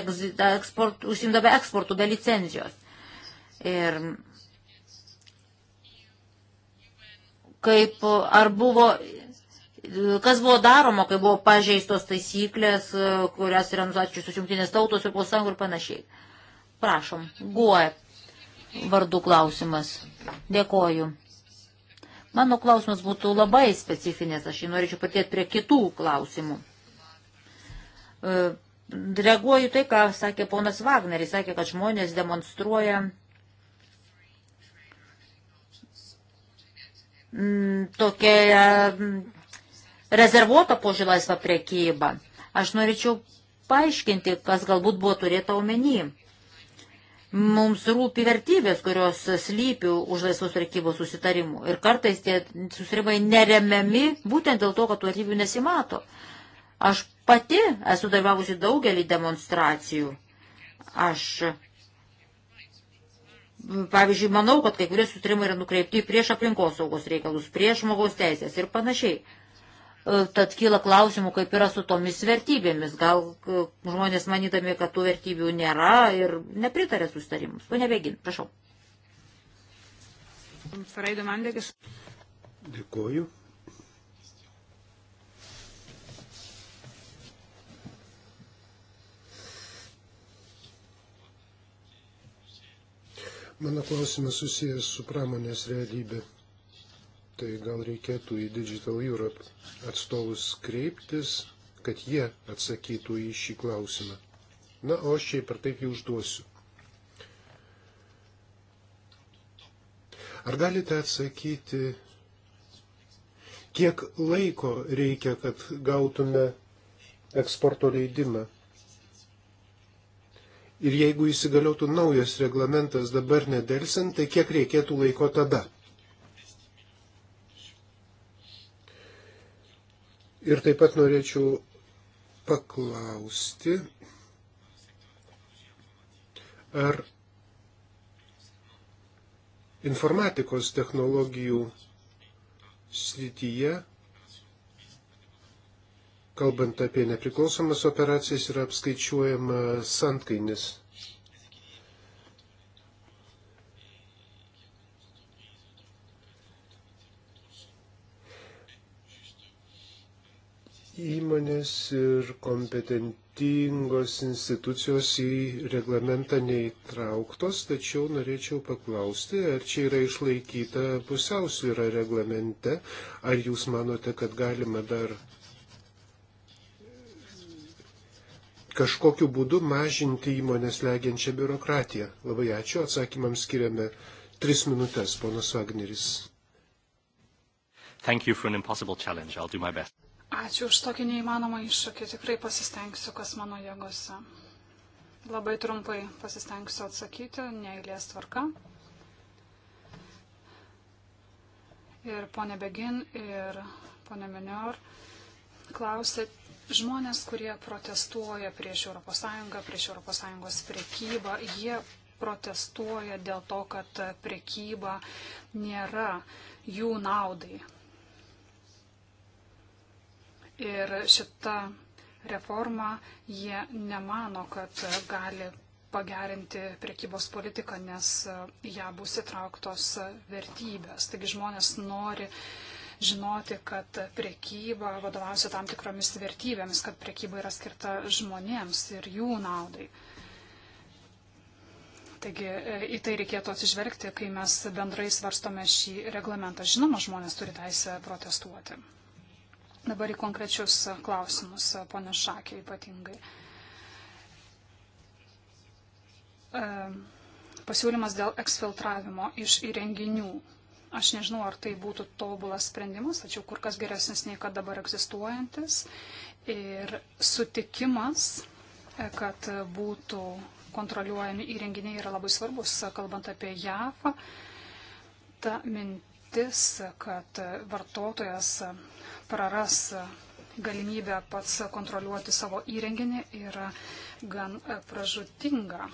eksport, užsimdama eksportų be licencijos. Ir kaip ar buvo, kas buvo daroma, kai buvo pažeistos taisyklės, kurias yra nusačiusios jungtinės tautos ir posangų ir panašiai. Prašom, guoja vardų klausimas. Dėkoju. Mano klausimas būtų labai specifinės, aš jį norėčiau patėti prie kitų klausimų. E, reaguoju tai, ką sakė ponas Wagneris, sakė, kad žmonės demonstruoja mm, tokia mm, rezervuota požiūrį laisvą priekybą. Aš norėčiau paaiškinti, kas galbūt buvo turėta omeny. Mums rūpi vertybės, kurios slypi už laisvos prekybos susitarimų. Ir kartais tie susitarimai neremiami būtent dėl to, kad tų vertybių nesimato. Aš pati esu dalyvavusi daugelį demonstracijų. Aš, pavyzdžiui, manau, kad kai kurie sutarimai yra nukreipti prieš aplinkosaugos reikalus, prieš žmogaus teisės ir panašiai. E, tad kyla klausimų, kaip yra su tomis vertybėmis. Gal e, žmonės manydami, kad tų vertybių nėra ir nepritarė sustarimus. Pone Begin, prašau. Dėkuoju. Mano klausimas susijęs su pramonės realybė tai gal reikėtų į Digital Europe atstovus kreiptis, kad jie atsakytų į šį klausimą. Na, o aš šiaip ar taip jį užduosiu. Ar galite atsakyti, kiek laiko reikia, kad gautume eksporto leidimą? Ir jeigu įsigaliotų naujas reglamentas dabar nedelsiant, tai kiek reikėtų laiko tada? Ir taip pat norėčiau paklausti, ar informatikos technologijų srityje, kalbant apie nepriklausomas operacijas, yra apskaičiuojama santkainis įmonės ir kompetentingos institucijos į reglamentą neįtrauktos, tačiau norėčiau paklausti, ar čia yra išlaikyta pusiausvyrą reglamente, ar jūs manote, kad galima dar kažkokiu būdu mažinti įmonės legiančią biurokratiją. Labai ačiū, atsakymams skiriame tris minutės, ponas Wagneris. Thank you for an impossible challenge. I'll do my best. Ačiū už tokį neįmanomą iššūkį. Tikrai pasistengsiu, kas mano jėgose. Labai trumpai pasistengsiu atsakyti, neįlės tvarka. Ir ponė Begin, ir ponė Menior klausė žmonės, kurie protestuoja prieš ES, prieš ES priekybą. Jie protestuoja dėl to, kad priekyba nėra jų naudai Ir šita reforma jie nemano, kad gali pagerinti priekybos politiką, nes ją bus įtrauktos vertybės. Taigi žmonės nori žinoti, kad priekyba vadovausia tam tikromis vertybėmis, kad priekyba yra skirta žmonėms ir jų naudai. Taigi e, į tai reikėtų atsižvelgti, kai mes bendrai svarstome šį reglamentą. Žinoma, žmonės turi teisę protestuoti. Dabar į konkrečius klausimus, ponė Šakė ypatingai. E, pasiūlymas dėl eksfiltravimo iš įrenginių. Aš nežinau, ar tai būtų tobulas sprendimas, tačiau kur kas geresnis nei kad dabar egzistuojantis. Ir sutikimas, e, kad būtų kontroliuojami įrenginiai yra labai svarbus, kalbant apie JAF. Ta mintis viltis, kad vartotojas praras galimybę pats kontroliuoti savo įrenginį yra gan pražutinga.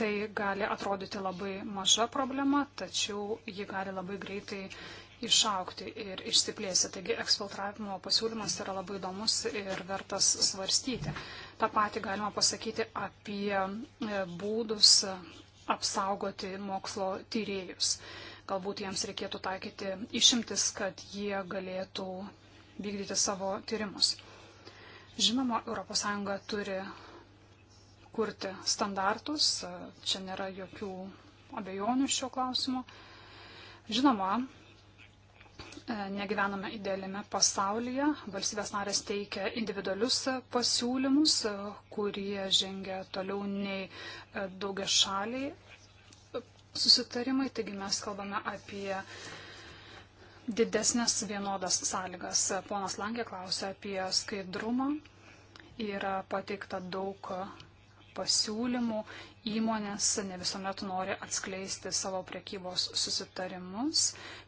Tai gali atrodyti labai maža problema, tačiau ji gali labai greitai išaukti ir išsiplėsti. Taigi eksfiltravimo pasiūlymas yra labai įdomus ir vertas svarstyti. Ta pati galima pasakyti apie būdus apsaugoti mokslo tyriejus. Galbūt jiems reikėtų taikyti išimtis, kad jie galėtų vykdyti savo tyrimus. Žinoma, ES turi kurti standartus, čia nėra jokių abejonių šio klausimo. Žinoma, negyvename idealiame pasaulyje. Valstybės narės teikia individualius pasiūlymus, kurie žengia toliau nei daugia šaliai susitarimai, taigi mes kalbame apie didesnės vienodas sąlygas. Ponas Langė klausė apie skaidrumą. Yra pateikta daug pasiūlymų, įmonės ne visuomet nori atskleisti savo priekybos susitarimus.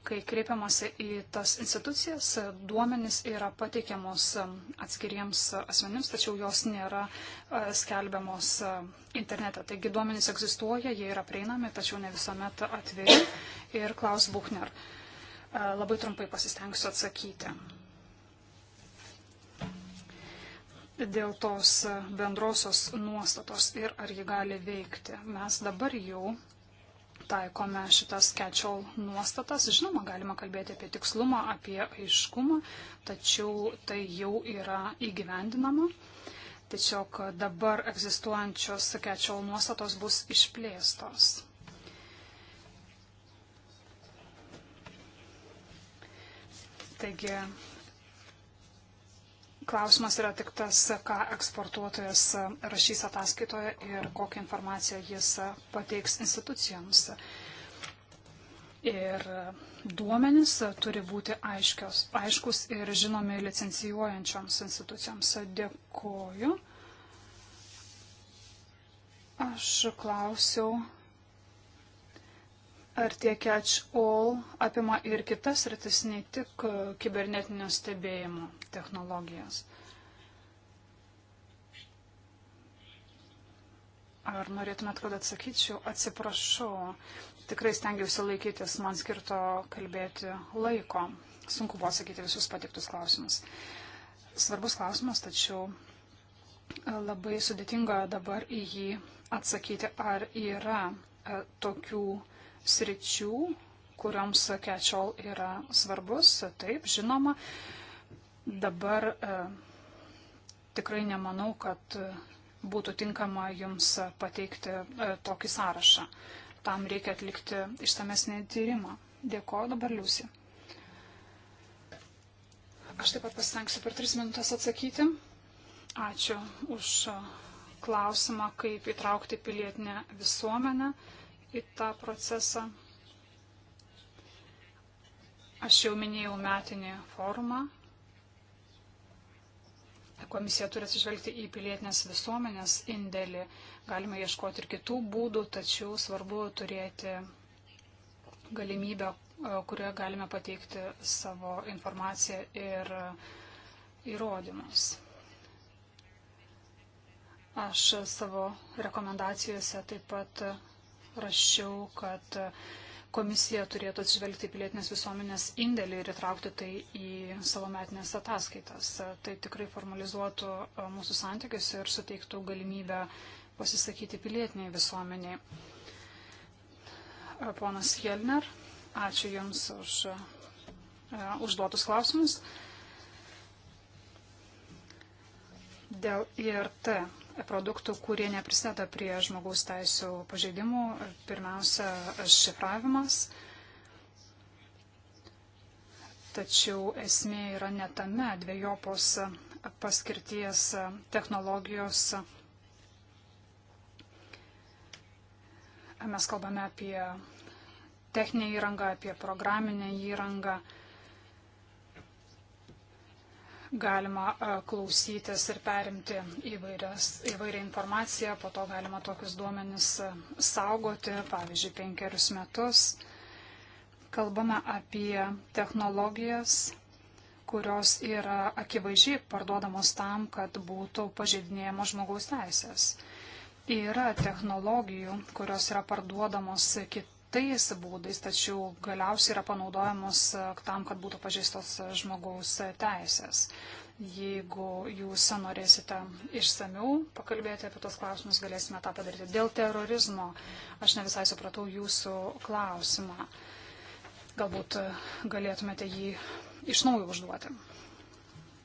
Kai kreipiamasi į tas institucijas, duomenys yra pateikiamos atskiriems asmenims, tačiau jos nėra e, skelbiamos e, internete. Taigi duomenys egzistuoja, jie yra prieinami, tačiau ne visuomet atviri. Ir Klaus Buchner. E, labai trumpai pasistengsiu atsakyti. dėl tos bendrosios nuostatos ir ar ji gali veikti. Mes dabar jau taikome šitas catch-all nuostatas. Žinoma, galima kalbėti apie tikslumą, apie aiškumą, tačiau tai jau yra įgyvendinama. Tiesiog dabar egzistuojančios catch-all nuostatos bus išplėstos. Taigi klausimas yra tik tas, ką eksportuotojas rašys ataskaitoje ir kokią informaciją jis pateiks institucijoms. Ir duomenys turi būti aiškios, aiškus ir žinomi licencijuojančioms institucijoms. Dėkoju. Aš klausiau Ar tie catch all apima ir kitas rytis, ne tik e, kibernetinio stebėjimo technologijas? Ar norėtumėt, kad atsakyčiau? Atsiprašau, tikrai stengiausi laikytis man skirto kalbėti laiko. Sunku buvo atsakyti visus patiktus klausimus. Svarbus klausimas, tačiau e, labai sudėtinga dabar į jį atsakyti, ar yra e, tokių sričių, kurioms catch-all yra svarbus. Taip, žinoma, dabar e, tikrai nemanau, kad e, būtų tinkama jums pateikti e, tokį sąrašą. Tam reikia atlikti išsamesnį tyrimą. Dėkuoju dabar, Liusi. Aš taip pat pasitengsiu per tris minutės atsakyti. Ačiū už e, klausimą, kaip įtraukti pilietinę visuomenę. E, į tą procesą. Aš jau minėjau metinį forumą. Komisija turi atsižvelgti į pilietinės visuomenės indėlį. Galima ieškoti ir kitų būdų, tačiau svarbu turėti galimybę, e, kurioje galime pateikti savo informaciją ir e, įrodymus. Aš savo rekomendacijose taip pat rašiau, kad komisija turėtų atsižvelgti pilietinės visuomenės indėlį ir įtraukti tai į savo metinės ataskaitas. Tai tikrai formalizuotų e, mūsų santykius ir suteiktų galimybę pasisakyti pilietiniai visuomeniai. E, ponas Jelner, ačiū Jums už e, užduotus klausimus. Dėl IRT produktų, kurie neprisėda prie žmogaus teisų pažeidimų. Pirmiausia, šifravimas. Tačiau esmė yra ne tame dviejopos paskirties technologijos. Mes kalbame apie techninę įrangą, apie programinę įrangą galima klausytis ir perimti įvairias, įvairią informaciją, po to galima tokius duomenis saugoti, pavyzdžiui, penkerius metus. Kalbame apie technologijas, kurios yra akivaizdžiai parduodamos tam, kad būtų pažeidinėjamos žmogaus teisės yra technologijų, kurios yra parduodamos kit, kitais būdais, tačiau galiausiai yra panaudojamos e, tam, kad būtų pažeistos e, žmogaus e, teisės. Jeigu jūs norėsite išsamiau pakalbėti apie tos klausimus, galėsime tą padaryti. Dėl terorizmo aš ne visai supratau jūsų klausimą. Galbūt galėtumėte jį iš naujo užduoti,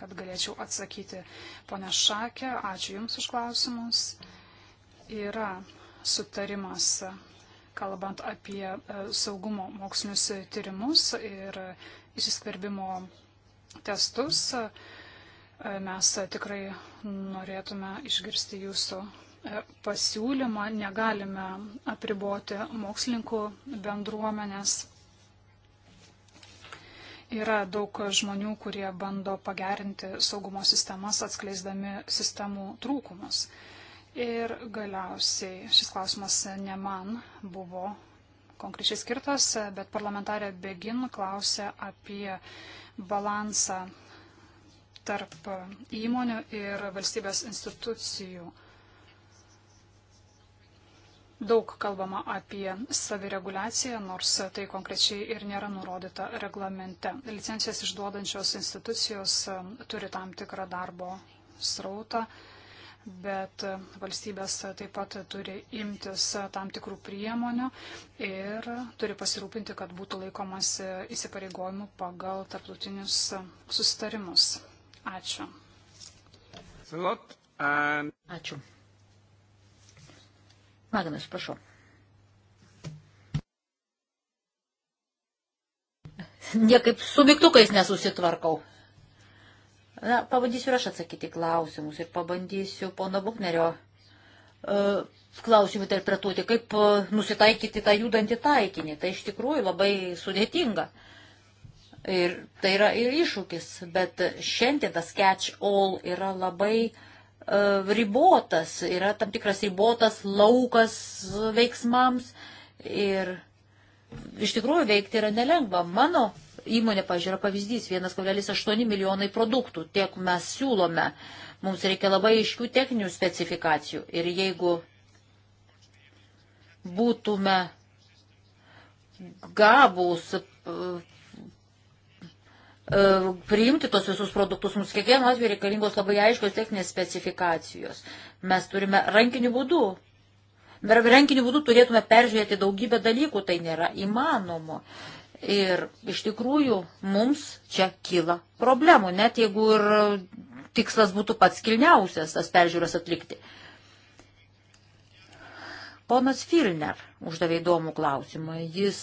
kad galėčiau atsakyti. Pone Šakė, ačiū Jums už klausimus. Yra sutarimas kalbant apie e, saugumo mokslinius tyrimus ir įsiskverbimo testus. E, mes tikrai norėtume išgirsti jūsų e, pasiūlymą. Negalime apriboti mokslininkų bendruomenės. Yra daug žmonių, kurie bando pagerinti saugumo sistemas, atskleisdami sistemų trūkumus. Ir galiausiai šis klausimas ne man buvo konkrečiai skirtas, bet parlamentarė Begin klausė apie balansą tarp įmonių ir valstybės institucijų. Daug kalbama apie savireguliaciją, nors tai konkrečiai ir nėra nurodyta reglamente. Licencijas išduodančios institucijos um, turi tam tikrą darbo srautą bet valstybės taip pat turi imtis tam tikrų priemonių ir turi pasirūpinti, kad būtų laikomas įsipareigojimų pagal tarptautinius sustarimus. Ačiū. Ačiū. Magnas, prašau. Niekaip su mygtukais nesusitvarkau. Na, pabandysiu ir aš atsakyti klausimus ir pabandysiu pono Buknerio uh, klausimų interpretuoti, kaip uh, nusitaikyti tą judantį taikinį. Tai iš tikrųjų labai sudėtinga. Ir tai yra ir iššūkis, bet šiandien tas catch all yra labai uh, ribotas, yra tam tikras ribotas laukas veiksmams ir iš tikrųjų veikti yra nelengva. Mano įmonė, pažiūrėjau, yra pavyzdys 1,8 milijonai produktų, tiek mes siūlome. Mums reikia labai iškių techninių specifikacijų. Ir jeigu būtume gabūs e, e, priimti tos visus produktus. Mums kiekvienu atveju reikalingos labai aiškios techninės specifikacijos. Mes turime rankinių būdų. Rankinių būdų turėtume peržiūrėti daugybę dalykų, tai nėra įmanomo. Ir iš tikrųjų mums čia kyla problemų, net jeigu ir tikslas būtų pats kilniausias tas peržiūras atlikti. Ponas Filner uždavė įdomų klausimą. Jis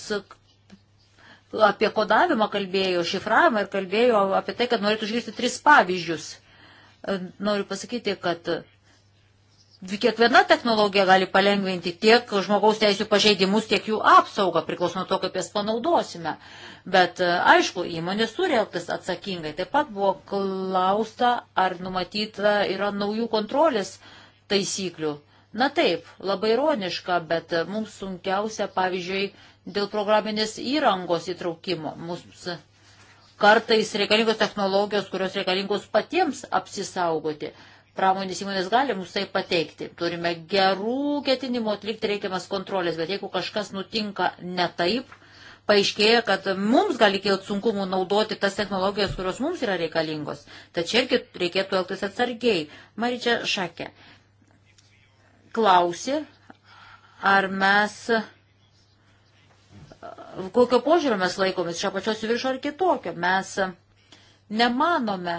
apie kodavimą kalbėjo, šifravimą ir kalbėjo apie tai, kad norėtų išgirsti tris pavyzdžius. Noriu pasakyti, kad kiekviena technologija gali palengvinti tiek žmogaus teisų pažeidimus, tiek jų apsaugą, priklauso nuo to, kaip jas panaudosime. Bet e, aišku, įmonės turi elgtis atsakingai. Taip pat buvo klausta, ar numatyta yra naujų kontrolės taisyklių. Na taip, labai ironiška, bet e, mums sunkiausia, pavyzdžiui, dėl programinės įrangos įtraukimo. Mums kartais reikalingos technologijos, kurios reikalingos patiems apsisaugoti pramonės įmonės gali mums tai pateikti. Turime gerų ketinimų atlikti reikiamas kontrolės, bet jeigu kažkas nutinka ne taip, paaiškėja, kad mums gali kilti sunkumų naudoti tas technologijas, kurios mums yra reikalingos. Tačiau irgi reikėtų elgtis atsargiai. Maryčia Šakė klausė, ar mes, kokio požiūrio mes laikomės, iš apačios į viršų ar kitokio. Mes nemanome,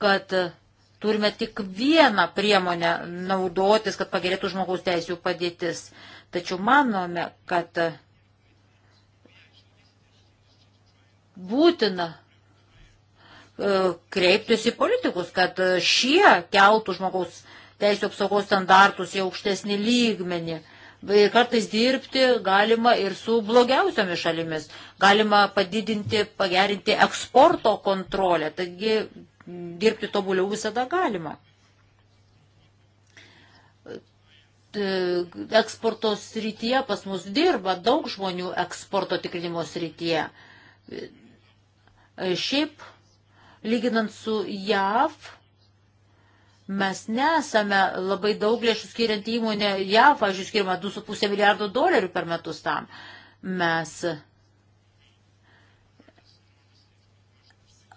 kad Turime tik vieną priemonę naudotis, kad pagerėtų žmogaus teisų padėtis. Tačiau manome, kad būtina e, kreiptis į politikus, kad šie keltų žmogaus teisų apsaugos standartus į aukštesnį lygmenį. Ir kartais dirbti galima ir su blogiausiomis šalimis. Galima padidinti, pagerinti eksporto kontrolę. Taigi dirbti tobuliau visada galima. Eksporto srityje pas mus dirba daug žmonių eksporto tikrinimo srityje. Šiaip, lyginant su JAV, mes nesame labai daug lėšų skiriant įmonę JAV, aš skiriama 2,5 milijardo dolerių per metus tam. Mes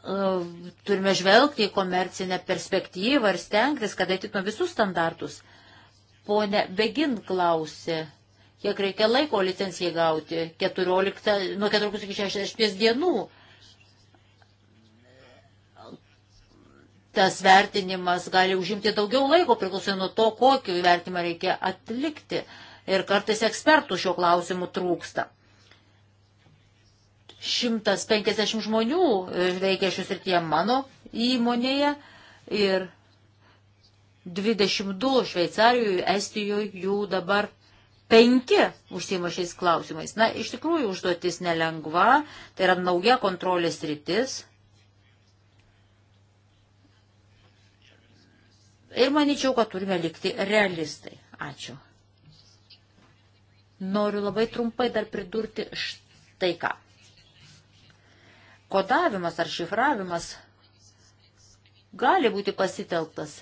E, turime žvelgti į komercinę perspektyvą ir stengtis, kad atitiktume visus standartus. Pone Begin klausė, kiek reikia laiko licencijai gauti 14, nuo 14 iki 60 dienų. Tas vertinimas gali užimti daugiau laiko, priklausomai nuo to, kokį vertimą reikia atlikti. Ir kartais ekspertų šiuo klausimu trūksta. 150 žmonių e, veikia šios srityje mano įmonėje ir 22 Šveicarijoje, Estijoje jų dabar 5 užsima šiais klausimais. Na, iš tikrųjų užduotis nelengva, tai yra nauja kontrolės rytis. Ir manyčiau, kad turime likti realistai. Ačiū. Noriu labai trumpai dar pridurti štai ką kodavimas ar šifravimas gali būti pasitelktas.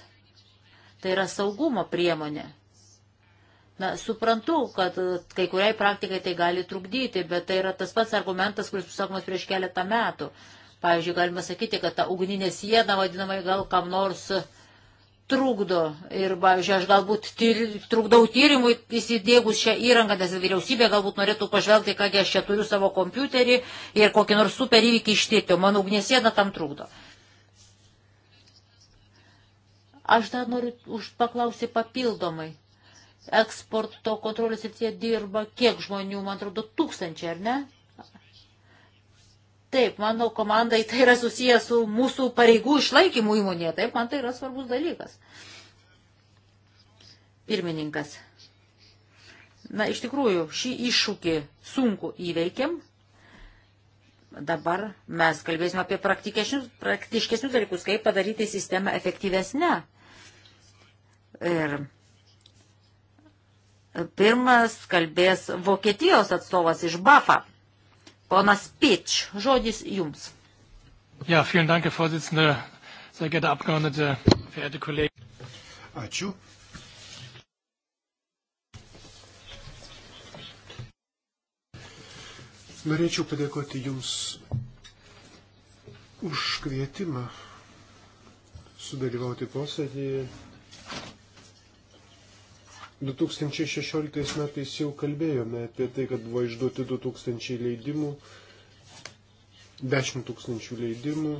Tai yra saugumo priemonė. Na, suprantu, kad e, kai kuriai praktikai tai gali trukdyti, bet tai yra tas pats argumentas, kuris susakomas prieš keletą metų. Pavyzdžiui, galima sakyti, kad ta ugninė siena, vadinamai, gal kam nors uh, trukdo. Ir, pavyzdžiui, aš galbūt tyr, trukdau tyrimui įsidėgus šią įrangą, nes vyriausybė galbūt norėtų pažvelgti, kad aš čia turiu savo kompiuterį ir kokį nors super įvykį ištėti, o mano ugnėsėda tam trukdo. Aš dar noriu paklausyti papildomai. Eksporto kontrolės ir tie dirba kiek žmonių, man atrodo, tūkstančiai, ar ne? Taip, mano komandai tai yra susijęs su mūsų pareigų išlaikymu įmonėje. Taip, man tai yra svarbus dalykas. Pirmininkas. Na, iš tikrųjų, šį iššūkį sunku įveikėm. Dabar mes kalbėsime apie praktiškesnius, praktiškesnius dalykus, kaip padaryti sistemą efektyvesnę. Ir pirmas kalbės Vokietijos atstovas iš BAFA. Ponas Pič, žodis jums. Ja, vielen Dank, Herr Vorsitzende, sehr geehrte Abgeordnete, verehrte Kollegen. Ačiū. Norėčiau padėkoti Jums už kvietimą sudalyvauti posėdėje 2016 metais jau kalbėjome apie tai, kad buvo išduoti 2000 leidimų, 10 tūkstančių leidimų.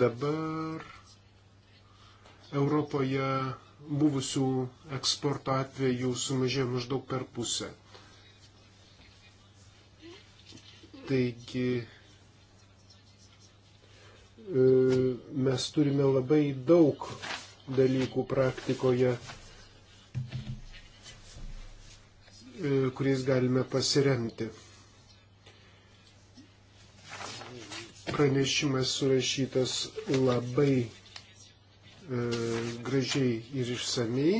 Dabar Europoje buvusių eksporto atvejų sumažėjo maždaug per pusę. Taigi e, mes turime labai daug dalykų praktikoje E, kuriais galime pasiremti. Pranešimas surašytas labai e, gražiai ir išsamei.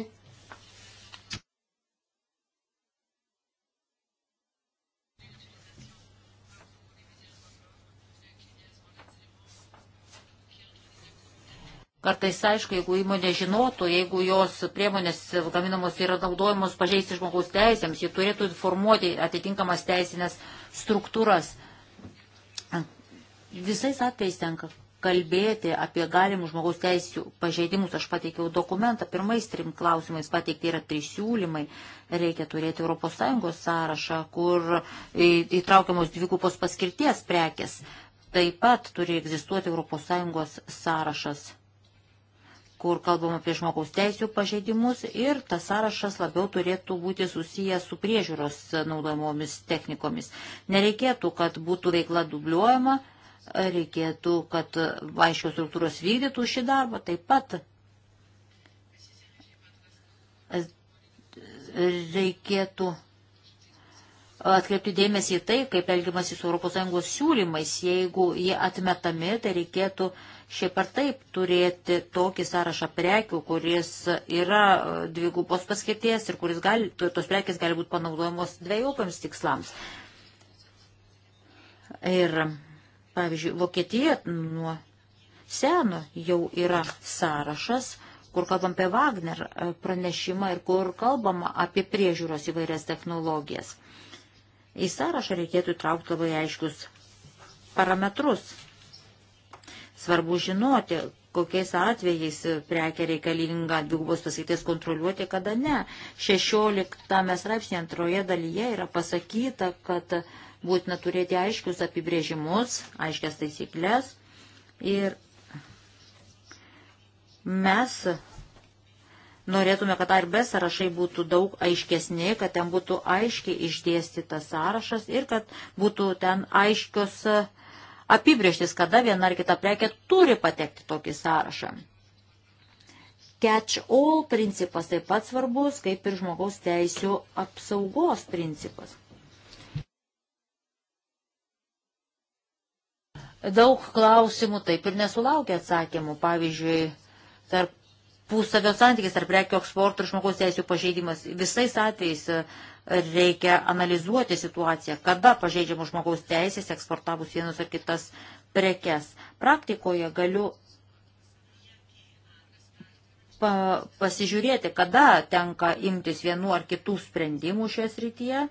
Kartais, aišku, jeigu įmonė žinotų, jeigu jos priemonės gaminamos yra naudojamos pažeisti žmogaus teisėms, jie turėtų informuoti atitinkamas teisinės struktūras. Visais atvejais tenka kalbėti apie galimus žmogaus teisų pažeidimus. Aš pateikiau dokumentą, pirmais trim klausimais pateikti yra trys siūlymai. Reikia turėti ES sąrašą, kur įtraukiamos dvigubos paskirties prekes. Taip pat turi egzistuoti ES sąrašas kur kalbam apie žmogaus teisų pažeidimus ir tas sąrašas labiau turėtų būti susijęs su priežiūros naudojamomis technikomis. Nereikėtų, kad būtų veikla dubliuojama, reikėtų, kad aiškios struktūros vykdytų šį darbą, taip pat reikėtų atkreipti dėmesį į tai, kaip elgiamasi su ES siūlymais. Jeigu jie atmetami, tai reikėtų šiaip ar taip turėti tokį sąrašą prekių, kuris yra e, dvigubos paskirties ir kuris gali, tos prekės gali būti panaudojamos dviejopams tikslams. Ir, pavyzdžiui, Vokietija nuo seno jau yra sąrašas, kur kalbam apie Wagner e, pranešimą ir kur kalbama apie priežiūros įvairias technologijas. Į sąrašą reikėtų traukti labai aiškius parametrus. Svarbu žinoti, kokiais atvejais prekia reikalinga dvigubos paskaitės kontroliuoti, kada ne. 16 straipsnė antroje dalyje yra pasakyta, kad būtina turėti aiškius apibrėžimus, aiškias taisyklės ir mes Norėtume, kad ARB sąrašai būtų daug aiškesni, kad ten būtų aiškiai išdėstytas sąrašas ir kad būtų ten aiškios e, apibrieštis, kada viena ar kita prekė turi patekti tokį sąrašą. Catch-all principas taip pat svarbus, kaip ir žmogaus teisų apsaugos principas. Daug klausimų taip ir nesulaukia atsakymų. Pavyzdžiui, tarp tarpusavio santykis tarp prekių eksporto ir žmogaus teisų pažeidimas. Visais atvejais e, reikia analizuoti situaciją, kada pažeidžiamos žmogaus teisės eksportavus vienus ar kitas prekes. Praktikoje galiu pa, pasižiūrėti, kada tenka imtis vienu ar kitų sprendimų šioje srityje.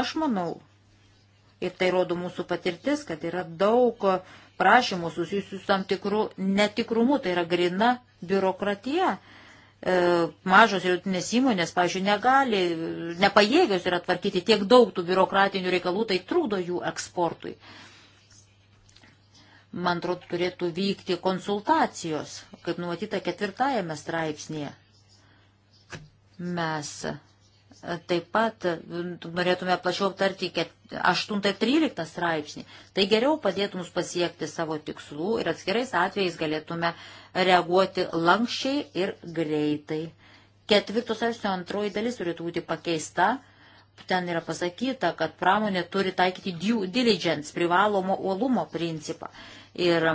Aš manau, ir tai rodo mūsų patirtis, kad yra daug uh, prašymų susijusių su tam tikru netikrumu, tai yra grina biurokratija. E, mažos ir jautinės įmonės, pažiūrėjau, negali, nepajėgios yra tvarkyti tiek daug tų biurokratinių reikalų, tai trukdo jų eksportui. Man atrodo, turėtų vykti konsultacijos, kaip numatyta ketvirtajame straipsnėje. Mes Taip pat norėtume plačiau aptarti 8-13 straipsnį. Tai geriau padėtų mums pasiekti savo tikslų ir atskirais atvejais galėtume reaguoti lankščiai ir greitai. Ketvirtos straipsnio antroji dalis turėtų būti pakeista. Ten yra pasakyta, kad pramonė turi taikyti due diligence, privalomo uolumo principą. Ir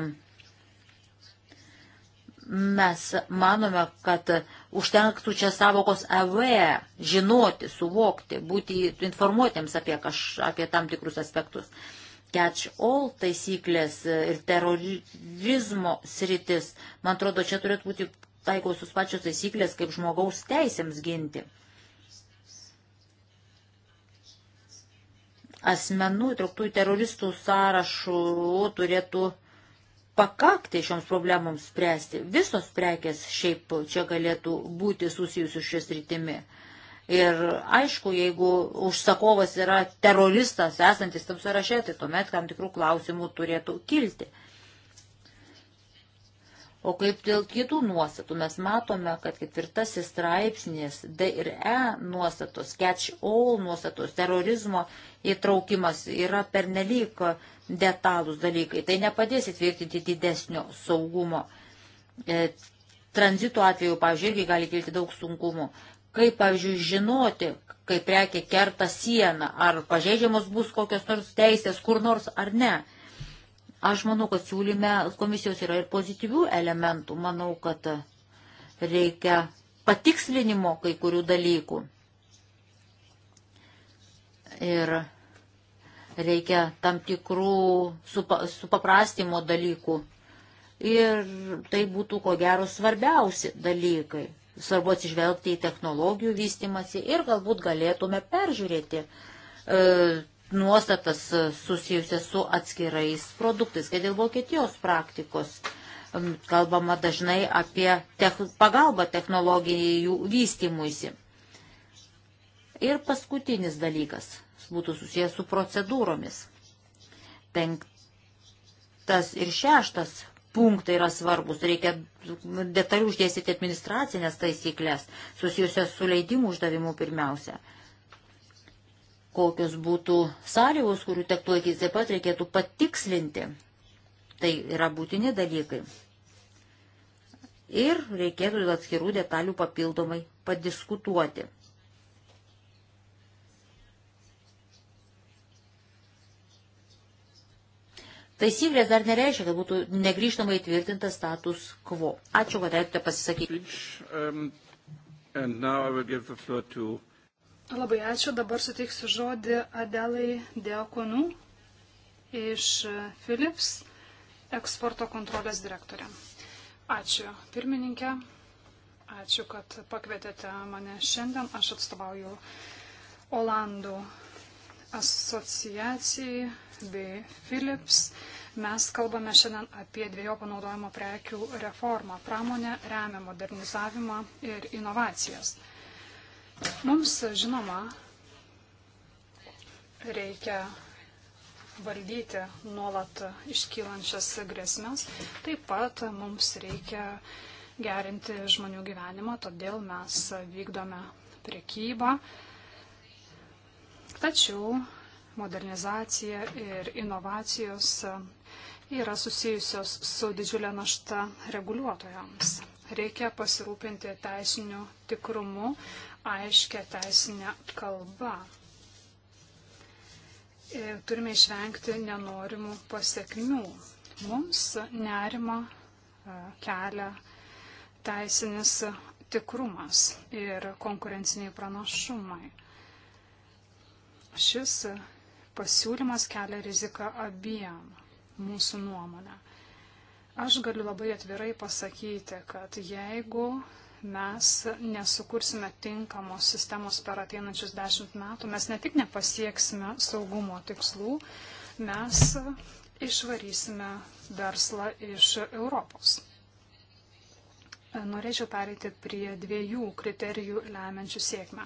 Mes manome, kad užtenktų čia savokos aware, žinoti, suvokti, būti informuotiems apie, kaž, apie tam tikrus aspektus. Catch-all taisyklės ir terorizmo sritis, man atrodo, čia turėtų būti taikausius pačios taisyklės, kaip žmogaus teisėms ginti. Asmenų įtrauktų į teroristų sąrašų turėtų uh, pakakti šioms problemams spręsti. Visos prekes šiaip čia galėtų būti susijusių šios rytimi. Ir aišku, jeigu užsakovas yra teroristas esantis tam sąraše, tai tuomet tam tikrų klausimų turėtų kilti. O kaip dėl kitų nuostatų, mes matome, kad ketvirtasis straipsnis D ir E nuostatos, catch all nuostatos, terorizmo įtraukimas yra pernelyg detalūs dalykai. Tai nepadės įtvirtinti didesnio saugumo. E, tranzito atveju, pavyzdžiui, irgi gali kilti daug sunkumų. Kaip, pavyzdžiui, žinoti, kai prekė kerta sieną, ar pažeidžiamos bus kokios nors teisės kur nors ar ne. Aš manau, kad siūlyme komisijos yra ir pozityvių elementų. Manau, kad reikia patikslinimo kai kurių dalykų. Ir reikia tam tikrų supa, supaprastimo dalykų. Ir tai būtų ko gero svarbiausi dalykai. Svarbu atsižvelgti į technologijų vystimasi ir galbūt galėtume peržiūrėti e, nuostatas e, susijusias su atskirais produktais, kai dėl Vokietijos praktikos kalbama dažnai apie tech, pagalbą technologijų vystimuisi. Ir paskutinis dalykas būtų susijęs su procedūromis. Penktas ir šeštas punktai yra svarbus. Reikia detalių uždėsyti administracinės taisyklės, susijusias su leidimų uždavimu pirmiausia kokios būtų sąlygos, kurių tektų laikytis, taip pat reikėtų patikslinti. Tai yra būtini dalykai. Ir reikėtų dėl atskirų detalių papildomai padiskutuoti. Taisyklės dar nereiškia, kad būtų negryžtamai įtvirtintas status quo. Ačiū, kad atėjote pasisakyti. Um, Labai ačiū. Dabar suteiksiu žodį Adelai Diakonų iš Philips eksporto kontrolės direktorė. Ačiū pirmininkė. Ačiū, kad pakvietėte mane šiandien. Aš atstovauju Olandų asociacijai bei Philips. Mes kalbame šiandien apie dviejų panaudojimo prekių reformą - pramonę, remia modernizavimą ir inovacijas. Mums, žinoma, reikia valdyti nuolat iškylančias grėsmės. Taip pat mums reikia gerinti žmonių gyvenimą, todėl mes vykdome priekybą. Tačiau modernizacija ir inovacijos yra susijusios su didžiulė našta reguliuotojams. Reikia pasirūpinti teisiniu tikrumu, aiškia teisinė kalba. Ir e, turime išvengti nenorimų pasiekmių. Mums nerima e, kelia teisinis tikrumas ir konkurenciniai pranašumai. Šis pasiūlymas kelia riziką abiem mūsų nuomonę. Aš galiu labai atvirai pasakyti, kad jeigu mes nesukursime tinkamos sistemos per ateinančius dešimt metų, mes ne tik nepasieksime saugumo tikslų, mes išvarysime verslą iš Europos. Norėčiau pereiti prie dviejų kriterijų lemiančių sėkmę.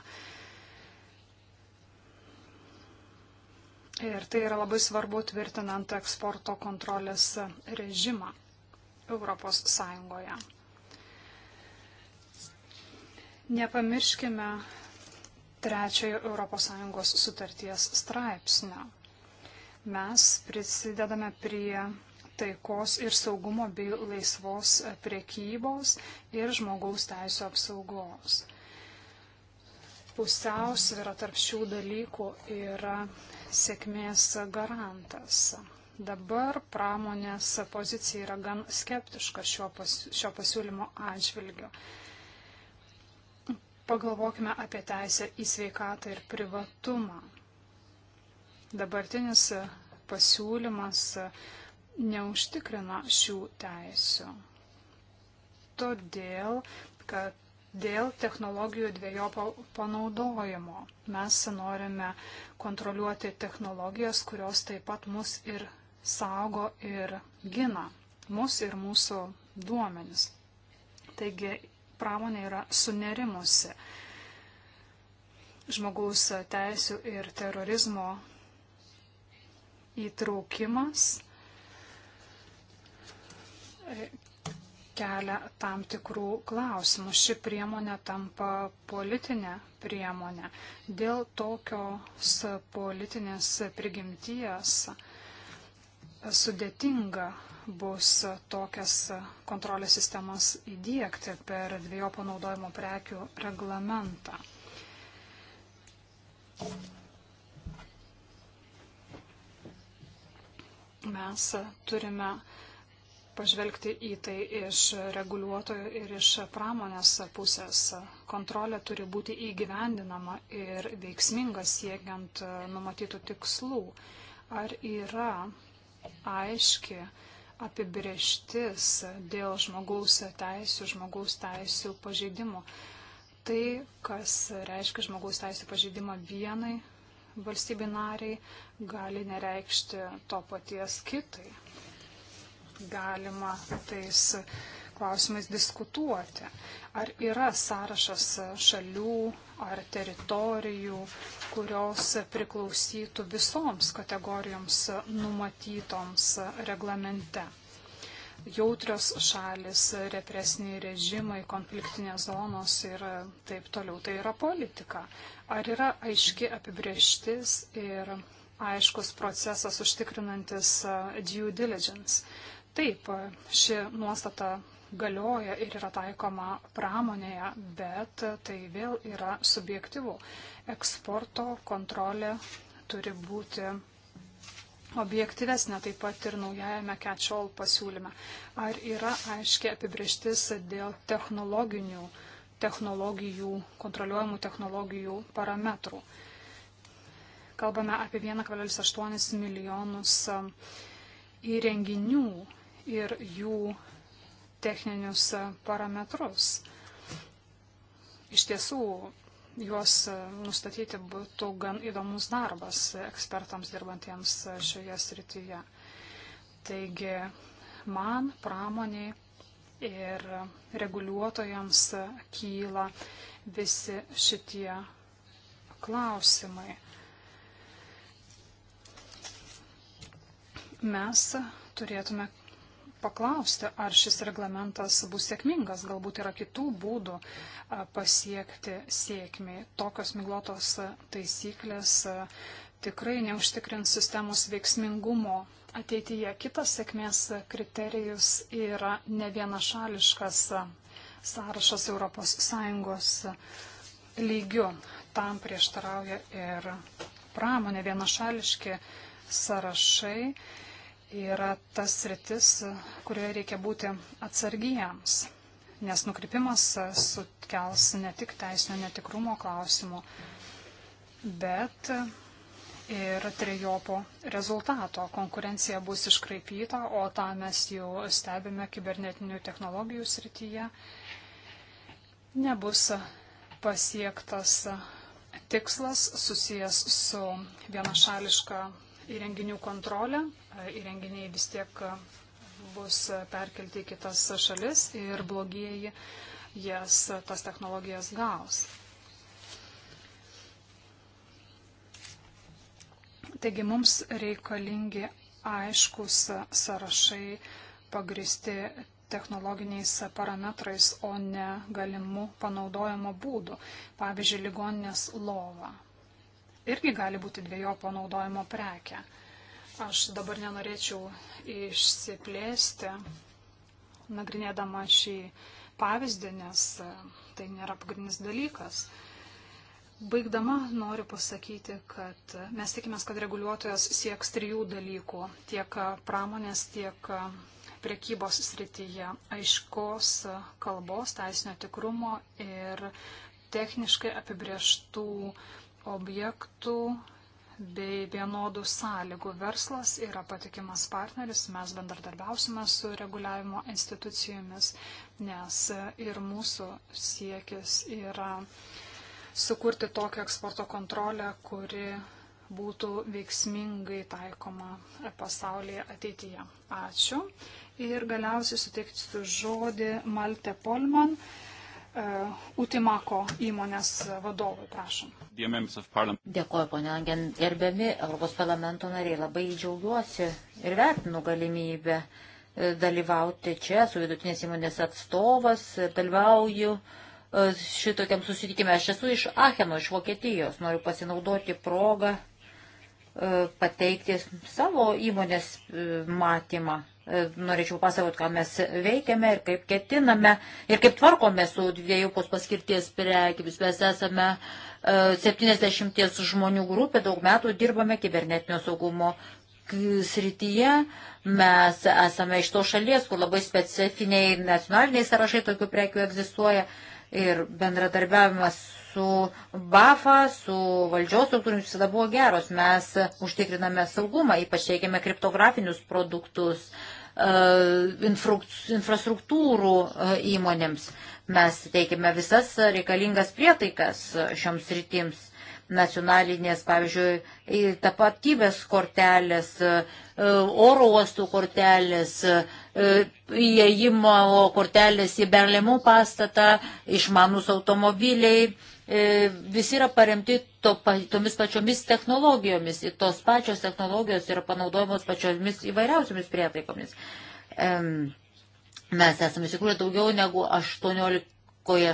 Ir tai yra labai svarbu tvirtinant eksporto kontrolės režimą Europos Sąjungoje. Nepamirškime trečiojo ES sutarties straipsnio. Mes prisidedame prie taikos ir saugumo bei laisvos priekybos ir žmogaus teisų apsaugos. Pusiausvėra tarp šių dalykų yra sėkmės garantas. Dabar pramonės pozicija yra gan skeptiška šio, pas, šio pasiūlymo atžvilgiu. Pagalvokime apie teisę į sveikatą ir privatumą. Dabartinis pasiūlymas neužtikrina šių teisių. Todėl, kad dėl technologijų dviejopo panaudojimo mes norime kontroliuoti technologijas, kurios taip pat mus ir saugo ir gina, mus ir mūsų duomenis. Taigi pramonė yra sunerimusi. Žmogaus teisų ir terorizmo įtraukimas e, kelia tam tikrų klausimų. Ši priemonė tampa politinė priemonė. Dėl tokios politinės prigimties sudėtinga bus tokias kontrolės sistemas įdėkti per dviejų panaudojimo prekių reglamentą. Mes turime pažvelgti į tai iš reguliuotojų ir iš pramonės pusės. Kontrolė turi būti įgyvendinama ir veiksminga siekiant numatytų tikslų. Ar yra aiški apibrieštis dėl žmogaus teisų, žmogaus teisų pažeidimų. Tai, kas reiškia žmogaus teisų pažeidimą vienai valstybei nariai, gali nereikšti to paties kitai. Galima tais klausimais diskutuoti. Ar yra sąrašas šalių ar teritorijų, kurios priklausytų visoms kategorijoms numatytoms reglamente? Jautrios šalis, represiniai režimai, konfliktinės zonos ir taip toliau. Tai yra politika. Ar yra aiški apibrieštis ir aiškus procesas užtikrinantis due diligence. Taip, ši nuostata galioja ir yra taikoma pramonėje, bet tai vėl yra subjektivu. Eksporto kontrolė turi būti objektyvesnė taip pat ir naujajame catch-all pasiūlyme. Ar yra aiškiai apibrieštis dėl technologinių, technologijų, kontroliuojamų technologijų parametrų? Kalbame apie 1,8 milijonus e, įrenginių ir jų techninius e, parametrus. Iš tiesų, juos e, nustatyti būtų gan įdomus darbas ekspertams dirbantiems e, šioje srityje. Taigi, man, pramoniai ir reguliuotojams kyla visi šitie klausimai. Mes turėtume paklausti, ar šis reglamentas bus sėkmingas, galbūt yra kitų būdų pasiekti sėkmį. Tokios miglotos taisyklės tikrai neužtikrins sistemos veiksmingumo ateityje. Kitas sėkmės kriterijus yra ne vienašališkas sąrašas ES lygių. Tam prieštarauja ir pramonė vienašališki sąrašai yra tas rytis, kurioje reikia būti atsargiems, nes nukrypimas sukels ne tik teisinio netikrumo klausimų, bet ir trejopo rezultato. Konkurencija bus iškraipyta, o tą mes jau stebime kibernetinių technologijų srityje. Nebus pasiektas tikslas susijęs su vienašališka įrenginių kontrolę. Įrenginiai vis tiek bus perkelti į kitas šalis ir blogieji jas, tas technologijas gaus. Taigi mums reikalingi aiškus sąrašai pagristi technologiniais parametrais, o ne galimų panaudojimo būdų, pavyzdžiui, ligoninės lova irgi gali būti dviejopo naudojimo prekia. Aš dabar nenorėčiau išsiplėsti, nagrinėdama šį pavyzdį, nes e, tai nėra pagrindinis dalykas. Baigdama noriu pasakyti, kad mes tikimės, kad reguliuotojas sieks trijų dalykų - tiek pramonės, tiek e, priekybos srityje - aiškos e, kalbos, teisinio tikrumo ir techniškai apibrieštų uh, objektų bei vienodų sąlygų. Verslas yra patikimas partneris, mes bendradarbiausime su reguliavimo institucijomis, nes ir mūsų siekis yra sukurti tokią eksporto kontrolę, kuri būtų veiksmingai taikoma pasaulyje ateityje. Ačiū. Ir galiausiai suteiksiu žodį Malte Polman, E, Utimako įmonės vadovui, prašom. Dėkuoju, ponė Langen. Gerbiami Europos parlamento nariai, labai džiaugiuosi ir vertinu galimybę e, dalyvauti čia, su vidutinės įmonės atstovas, e, dalyvauju šitokiam susitikimui. Aš esu iš Acheno, iš Vokietijos, noriu pasinaudoti progą pateikti savo įmonės matymą E, norėčiau pasakoti, ką mes veikiame ir kaip ketiname ir kaip tvarkome su dviejupos paskirties prekybis. Mes esame 70 e, žmonių grupė, daug metų dirbame kibernetinio saugumo srityje. Mes esame iš to šalies, kur labai specifiniai nacionaliniai sąrašai tokių prekių egzistuoja ir bendradarbiavimas su BAFA, su valdžios struktūrimis visada buvo geros. Mes užtikriname saugumą, ypač teikiame kriptografinius produktus. Uh, E, infrastruktūrų e, įmonėms. Mes teikime visas reikalingas prietaikas šioms rytims nacionalinės, pavyzdžiui, tapatybės kortelės, e, oro uostų kortelės, įėjimo kortelės į Berlemų pastatą, išmanus automobiliai. Visi yra paremti to, tomis pačiomis technologijomis. Ir tos pačios technologijos yra panaudojamos pačiomis įvairiausiamis prietaikomis. Mes esame įsikūrę daugiau negu 18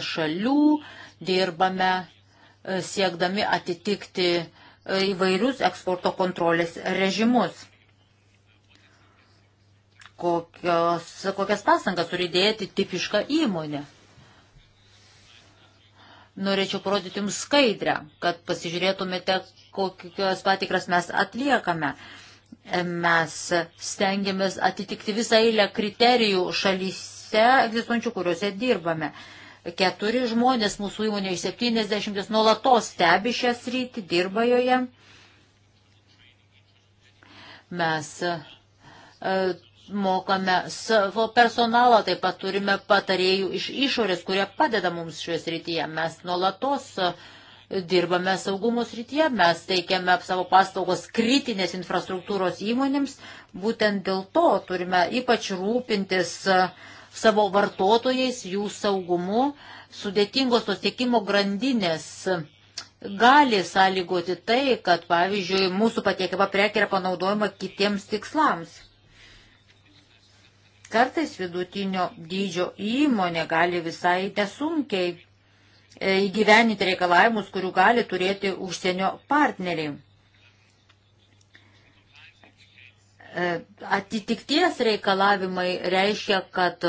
šalių, dirbame e, siekdami atitikti e, įvairius eksporto kontrolės režimus. Kokios, kokias pasangas turi dėti tipiška įmonė norėčiau parodyti jums skaidrę, kad pasižiūrėtumėte, kokios patikras mes atliekame. Mes stengiamės atitikti visą eilę kriterijų šalyse egzistuojančių, kuriuose dirbame. Keturi žmonės mūsų įmonė iš 70 nuolatos stebi šią sritį, dirba joje. Mes e, mokame savo personalą, taip pat turime patarėjų iš išorės, kurie padeda mums šioje srityje. Mes nuolatos e, dirbame saugumo srityje, mes teikiame savo paslaugos kritinės infrastruktūros įmonėms, būtent dėl to turime ypač rūpintis e, savo vartotojais, jų saugumu, sudėtingos tos tiekimo grandinės e, gali sąlygoti tai, kad, pavyzdžiui, mūsų patiekiama prekė yra panaudojama kitiems tikslams. Kartais vidutinio dydžio įmonė gali visai nesunkiai e, įgyveninti reikalavimus, kurių gali turėti užsienio partneriai. E, atitikties reikalavimai reiškia, kad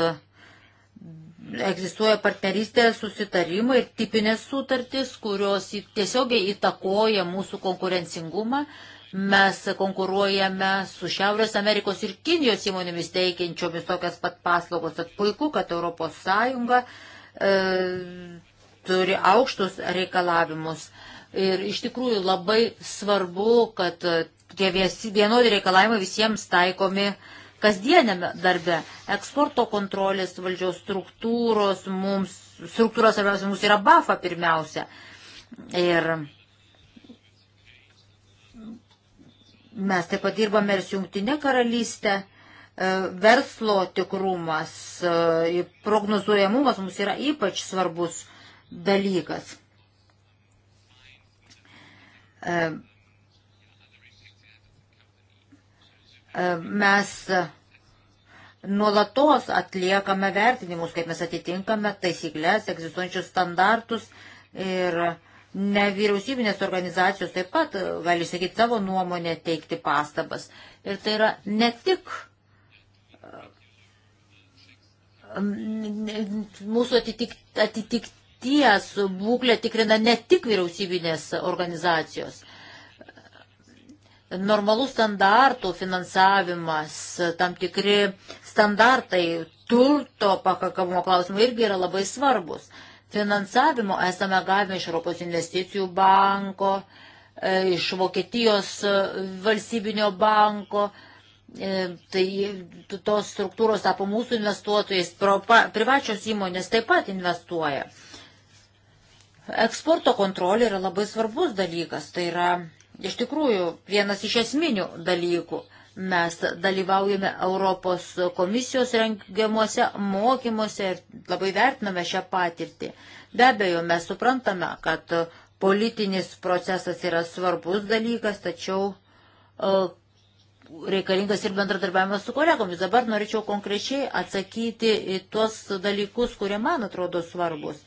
egzistuoja partnerystė susitarimai ir tipinės sutartys, kurios tiesiogiai įtakoja mūsų konkurencingumą Mes konkuruojame su Šiaurės Amerikos ir Kinijos įmonėmis teikiančiomis tokias pat paslaugos. Tad puiku, kad ES e, turi aukštus reikalavimus. Ir iš tikrųjų labai svarbu, kad tie vienodi reikalavimai visiems taikomi kasdienėme darbe. Eksporto kontrolės valdžiaus struktūros mums, struktūros svarbiausia mums yra BAFA pirmiausia. Ir Mes taip pat dirbame ir su Junktinė karalystė. E, verslo tikrumas, e, prognozuojamumas mums yra ypač svarbus dalykas. E, mes nuolatos atliekame vertinimus, kaip mes atitinkame taisyklės, egzistuojančius standartus ir uh, Nevyriausybinės organizacijos taip pat e, gali sakyti savo nuomonę, teikti pastabas. Ir tai yra ne tik e, mūsų atitik, atitikties būklę tikrina ne tik vyriausybinės organizacijos. Normalų standartų finansavimas, tam tikri standartai turto pakankamumo klausimų irgi yra labai svarbus finansavimo esame gavę iš Europos investicijų banko, e, iš Vokietijos e, valstybinio banko. E, tai tos struktūros tapo mūsų investuotojais, privačios įmonės taip pat investuoja. Eksporto kontrolė yra labai svarbus dalykas, tai yra iš tikrųjų vienas iš esminių dalykų. Mes dalyvaujame Europos komisijos rengiamuose mokymuose ir labai vertiname šią patirtį. Be abejo, mes suprantame, kad politinis procesas yra svarbus dalykas, tačiau e, reikalingas ir bendradarbiavimas su kolegomis. Dabar norėčiau konkrečiai atsakyti į tuos dalykus, kurie man atrodo svarbus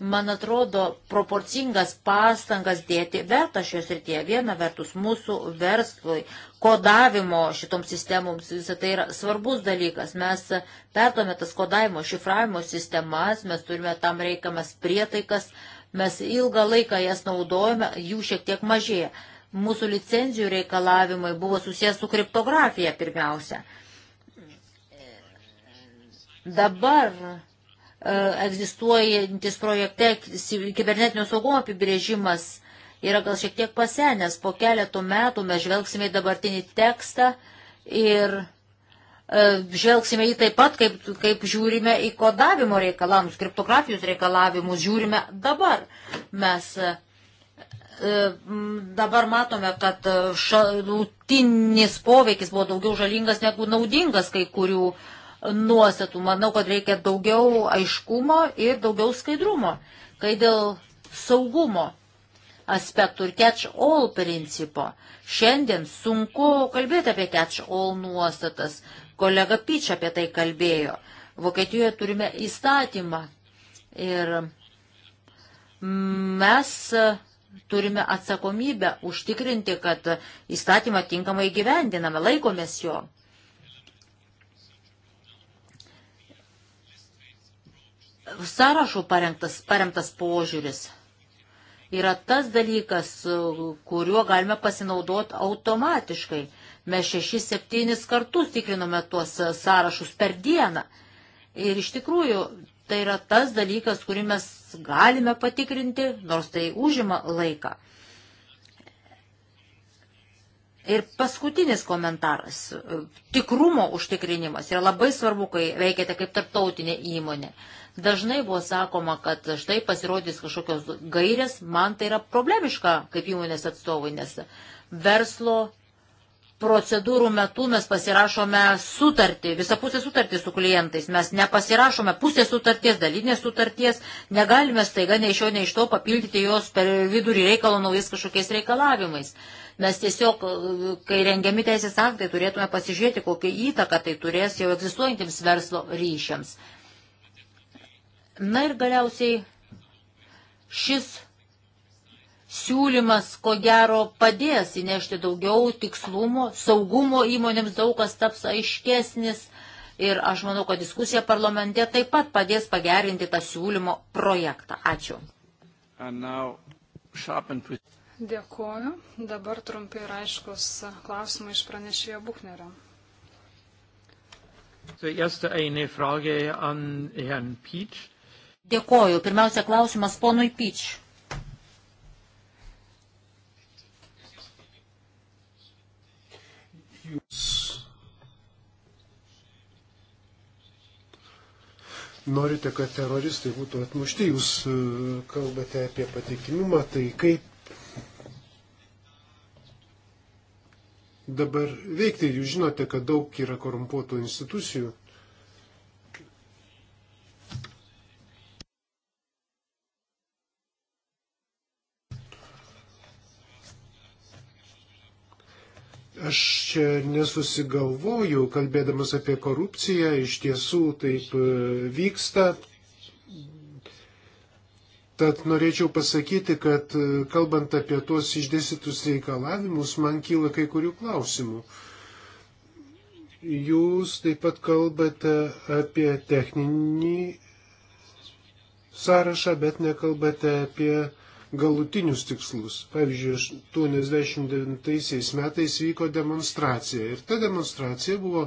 man atrodo, proporcingas pastangas dėti verta šios rytie. Viena vertus mūsų verslui, kodavimo šitoms sistemoms, visą tai yra svarbus dalykas. Mes pertome tas kodavimo, šifravimo sistemas, mes turime tam reikamas prietaikas, mes ilgą laiką jas naudojame, jų šiek tiek mažėja. Mūsų licenzijų reikalavimai buvo susijęs su kriptografija pirmiausia. Dabar E, egzistuojantis projekte kibernetinio saugumo apibrėžimas yra gal šiek tiek pasenęs. Po keletų metų mes žvelgsime į dabartinį tekstą ir e, žvelgsime į taip pat, kaip, kaip žiūrime į kodavimo reikalavimus, kriptografijos reikalavimus, žiūrime dabar. Mes e, dabar matome, kad šalutinis poveikis buvo daugiau žalingas negu naudingas kai kurių uh, nuostatų. Manau, kad reikia daugiau aiškumo ir daugiau skaidrumo, kai dėl saugumo aspektų ir catch-all principo. Šiandien sunku kalbėti apie catch-all nuostatas. Kolega Pyčia apie tai kalbėjo. Vokietijoje turime įstatymą ir mes turime atsakomybę užtikrinti, kad įstatymą tinkamai gyvendiname, laikomės jo. sąrašų parengtas, paremtas požiūris yra tas dalykas, kuriuo galime pasinaudoti automatiškai. Mes šešis, septynis kartus tikrinome tuos sąrašus per dieną. Ir iš tikrųjų tai yra tas dalykas, kurį mes galime patikrinti, nors tai užima laiką. Ir paskutinis komentaras. Tikrumo užtikrinimas yra labai svarbu, kai veikiate kaip tarptautinė įmonė. Dažnai buvo sakoma, kad štai pasirodys kažkokios gairės, man tai yra problemiška kaip įmonės atstovai, nes verslo procedūrų metu mes pasirašome sutartį, visapusę sutartį su klientais, mes nepasirašome pusės sutarties, dalinės sutarties, negalime staiga nei iš jo, nei iš to papildyti jos per vidurį reikalo naujais kažkokiais reikalavimais. Mes tiesiog, kai rengiami teisės aktai, turėtume pasižiūrėti, kokią įtaką tai turės jau egzistuojantiems verslo ryšiams Na ir galiausiai šis siūlymas, ko gero, padės įnešti daugiau tikslumo, saugumo įmonėms daug kas taps aiškesnis. Ir aš manau, kad diskusija parlamente taip pat padės pagerinti tą siūlymo projektą. Ačiū. And... Dėkuoju. Dabar trumpai ir aiškus klausimai iš pranešėjo Buchnerio. Zuerst eine Frage an Herrn Pietsch. Dėkoju. Pirmiausia, klausimas ponui Pič. Jūs norite, kad teroristai būtų atmušti, jūs e, kalbate apie patikimumą, tai kaip dabar veikti, jūs žinote, kad daug yra korumpuotų institucijų. Aš čia nesusigalvoju, kalbėdamas apie korupciją, iš tiesų taip e, vyksta. Tad norėčiau pasakyti, kad e, kalbant apie tuos išdėstytus reikalavimus, man kyla kai kurių klausimų. Jūs taip pat kalbate apie techninį sąrašą, bet nekalbate apie galutinius tikslus. Pavyzdžiui, 89 metais vyko demonstracija ir ta demonstracija buvo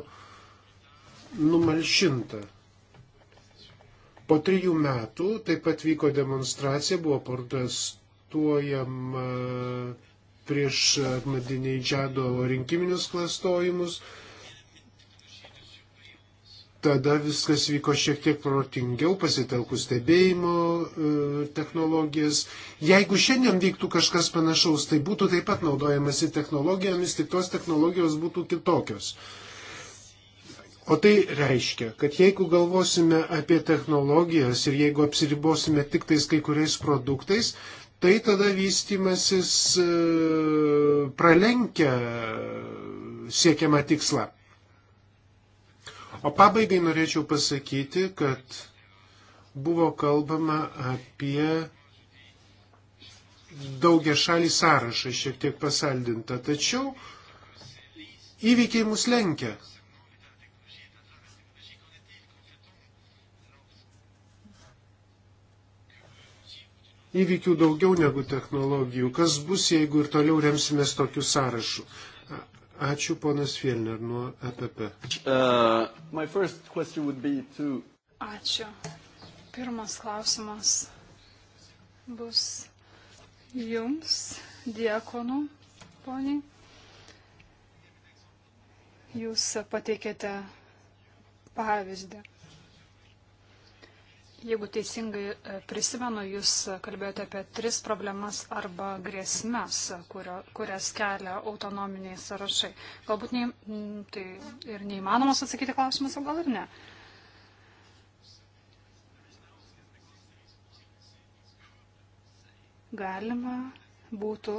numalšinta. Po trijų metų taip pat vyko demonstracija, buvo protestuojama prieš Ahmadinejčado rinkiminius klastojimus. Tada viskas vyko šiek tiek protingiau, pasitelkus stebėjimo e, technologijas. Jeigu šiandien vyktų kažkas panašaus, tai būtų taip pat naudojamasi technologijomis, tik tos technologijos būtų kitokios. O tai reiškia, kad jeigu galvosime apie technologijas ir jeigu apsiribosime tik tais kai kuriais produktais, tai tada vystimasis e, pralenkia siekiamą tikslą. O pabaigai norėčiau pasakyti, kad buvo kalbama apie daugia šalį sąrašą, šiek tiek pasaldinta. Tačiau įvykiai mus lenkia. Įvykių daugiau negu technologijų. Kas bus, jeigu ir toliau remsimės tokiu sąrašu? Ačiū ponas Fielner nuo EPP. Uh, to... Ačiū. Pirmas klausimas bus jums, diekonu, poniai. Jūs pateikėte pavyzdį. Jeigu teisingai e, prisimenu, jūs kalbėjote apie tris problemas arba grėsmes, kurio, kurias kelia autonominiai sąrašai. Galbūt nei, tai ir neįmanomas atsakyti klausimas, o gal ir ne. Galima būtų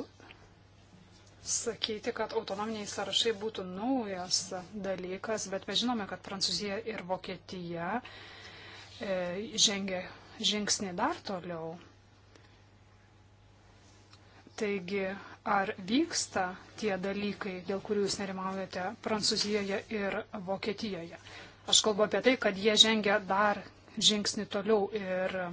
sakyti, kad autonominiai sąrašai būtų naujas dalykas, bet mes žinome, kad Prancūzija ir Vokietija E, žengė žingsnį dar toliau. Taigi, ar vyksta tie dalykai, dėl kurių jūs nerimaujate Prancūzijoje ir Vokietijoje? Aš kalbu apie tai, kad jie žengia dar žingsnį toliau ir e,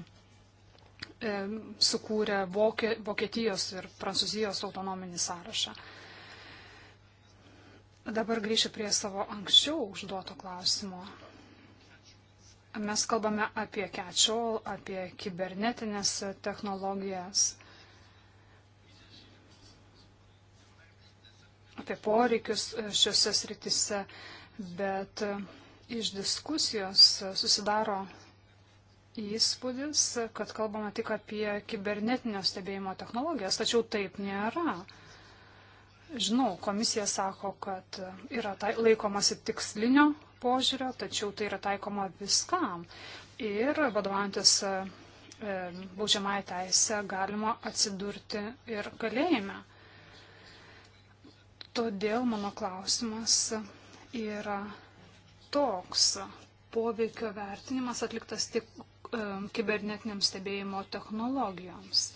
sukūrė Vokie, Vokietijos ir Prancūzijos autonominį sąrašą. Dabar grįšiu prie savo anksčiau užduoto klausimo. Mes kalbame apie catch-all, apie kibernetinės technologijas, apie poreikius šiuose sritise, bet iš diskusijos susidaro įspūdis, kad kalbame tik apie kibernetinio stebėjimo technologijas, tačiau taip nėra. Žinau, komisija sako, kad yra tai, laikomasi tikslinio požiūrio, tačiau tai yra taikoma viskam. Ir vadovantis e, e, baudžiamąją teisę galima atsidurti ir kalėjime. Todėl mano klausimas yra toks. Poveikio vertinimas atliktas tik e, kibernetiniam stebėjimo technologijoms.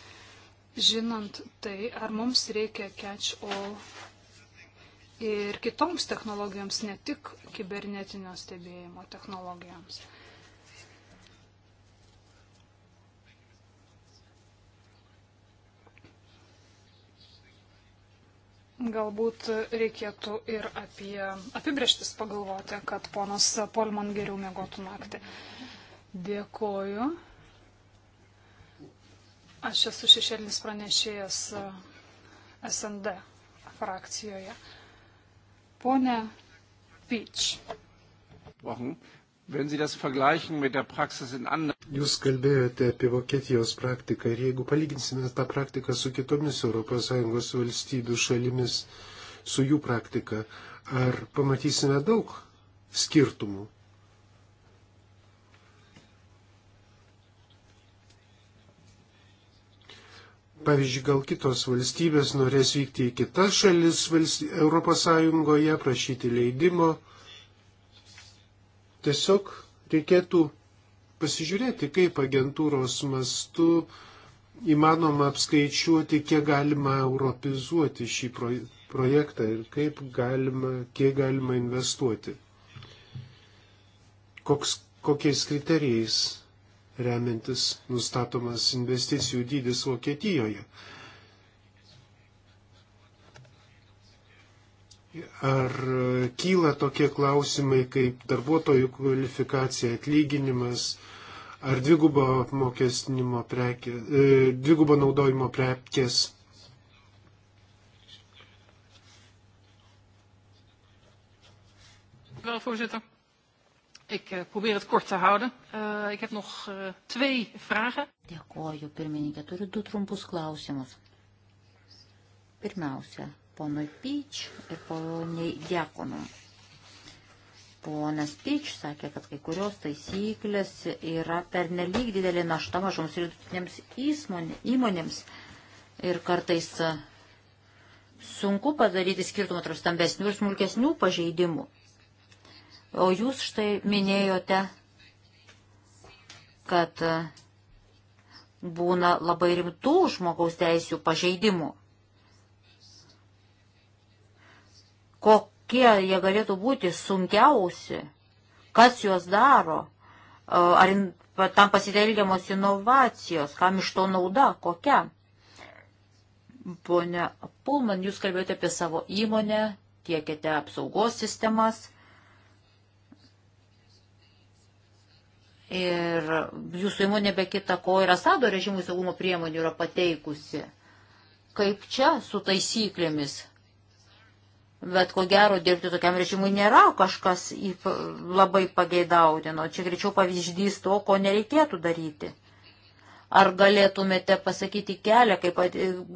Žinant tai, ar mums reikia catch-all ir kitoms technologijoms, ne tik kibernetinio stebėjimo technologijoms. Galbūt reikėtų ir apie apibrieštis pagalvoti, kad ponas Polman geriau mėgotų naktį. Dėkoju. Aš esu šešėlinis pranešėjas SND frakcijoje. Pone Pič. Jūs kalbėjote apie Vokietijos praktiką ir jeigu palyginsime tą praktiką su kitomis ES valstybių šalimis, su jų praktika, ar pamatysime daug skirtumų? Pavyzdžiui, gal kitos valstybės norės vykti į kitas šalis Europos Sąjungoje, prašyti leidimo. Tiesiog reikėtų pasižiūrėti, kaip agentūros mastu įmanoma apskaičiuoti, kiek galima europizuoti šį projektą ir kaip galima, kiek galima investuoti. Koks, kokiais kriterijais remiantis nustatomas investicijų dydis Vokietijoje. Ar kyla tokie klausimai kaip darbuotojų kvalifikacija, atlyginimas, ar dvigubo apmokestinimo prekė, e, dvigubo naudojimo prekės? Wel, voorzitter. Ik uh, probeer het kort te houden. Uh, ik heb nog uh, twee vragen. Dėkoju, pirmininkė. Turiu du trumpus klausimus. Pirmiausia, ponui Pyč ir poniai Dėkonum. Ponas Pič sakė, kad kai kurios taisyklės yra pernelyg didelė našta mažoms ir vidutinėms įmonėms ir kartais sunku padaryti skirtumą tarp stambesnių ir smulkesnių pažeidimų. O jūs štai minėjote, kad e, būna labai rimtų žmogaus teisių pažeidimų. Kokie jie galėtų būti sunkiausi, kas juos daro, e, ar tam pasitelgiamos inovacijos, kam iš to nauda, kokia. Pone Pulman, jūs kalbėjote apie savo įmonę, tiekėte apsaugos sistemas Ir jūsų įmonė be kita ko ir Asado režimų saugumo priemonių yra pateikusi. Kaip čia su taisyklėmis? Bet ko gero dirbti tokiam režimui nėra kažkas labai pageidautino. Čia greičiau pavyzdys to, ko nereikėtų daryti. Ar galėtumėte pasakyti kelią, kaip,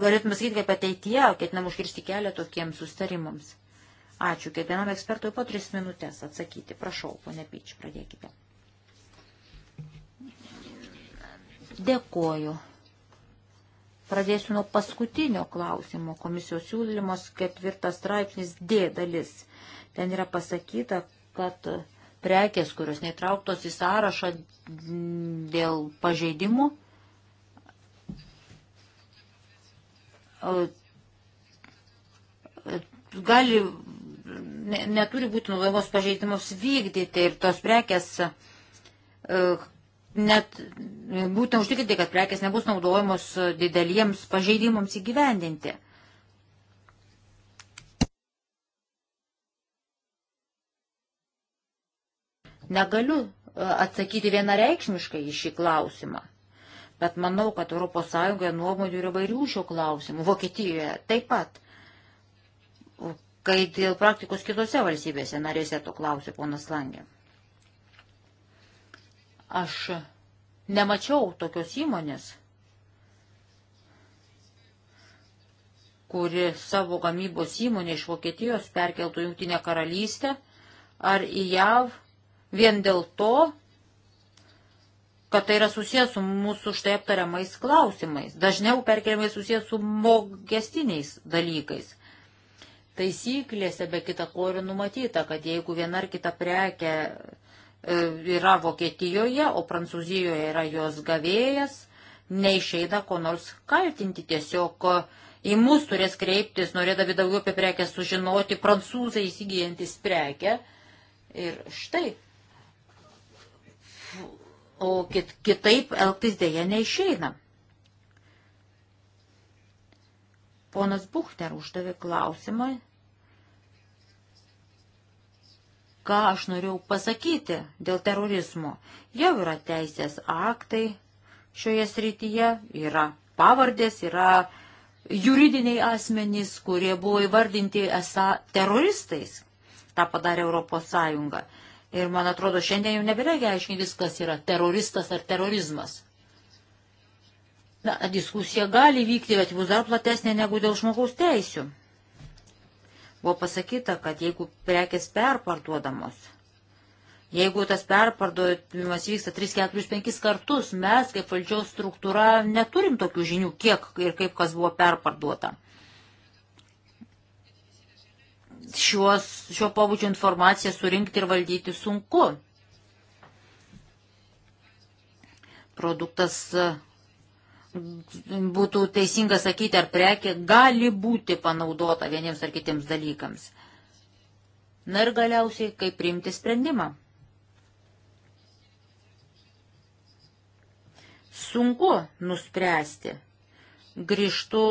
galėtume sakyti, kaip ateityje ketinam užkirsti kelią tokiems sustarimams? Ačiū. Kiekvienam ekspertui po tris minutės atsakyti. Prašau, ponia Pyč, pradėkite. Dėkoju. Pradėsiu nuo paskutinio klausimo. Komisijos siūlymas ketvirtas straipsnis D dalis. Ten yra pasakyta, kad prekės, kurios netrauktos į sąrašą dėl pažeidimų, gali, ne, neturi būti naudojamos pažeidimus vykdyti ir tos prekės e, net e, būtent užtikrinti, kad prekes nebus naudojamos e, dideliems pažeidimams įgyvendinti. Negaliu e, atsakyti vienareikšmiškai į šį klausimą, bet manau, kad ES nuomonių yra vairių šio klausimų, Vokietijoje taip pat, kai dėl praktikos kitose valstybėse narėse to klausė ponas Langė. Aš nemačiau tokios įmonės, kuri savo gamybos įmonę iš Vokietijos perkeltų Jungtinę karalystę ar į JAV vien dėl to, kad tai yra susijęs su mūsų štai aptariamais klausimais, dažniau perkeliamai susijęs su mokestiniais dalykais. Taisyklėse be kita ko yra numatyta, kad jeigu viena ar kita prekia E, yra Vokietijoje, o Prancūzijoje yra jos gavėjas, neišeina ko nors kaltinti tiesiog. Į mus turės kreiptis, norėdami daugiau apie prekę sužinoti, prancūzai įsigijantis prekę. Ir štai. O kit, kitaip elgtis dėja neišeina. Ponas Buchner uždavė klausimą ką aš norėjau pasakyti dėl terorizmo. Jau yra teisės aktai šioje srityje, yra pavardės, yra juridiniai asmenys, kurie buvo įvardinti esą teroristais. Ta padarė Europos Sąjunga. Ir man atrodo, šiandien jau nebereikia aiškintis, kas yra teroristas ar terorizmas. Na, diskusija gali vykti, bet bus dar platesnė negu dėl žmogaus teisių buvo pasakyta, kad jeigu prekės perparduodamos, jeigu tas perparduojimas vyksta 3, 4, 5 kartus, mes kaip valdžiaus struktūra neturim tokių žinių, kiek ir kaip kas buvo perparduota. Šios, šio pabudžio informaciją surinkti ir valdyti sunku. Produktas būtų teisinga sakyti, ar prekė gali būti panaudota vieniems ar kitiems dalykams. Na ir galiausiai, kaip priimti sprendimą. Sunku nuspręsti. Grįžtu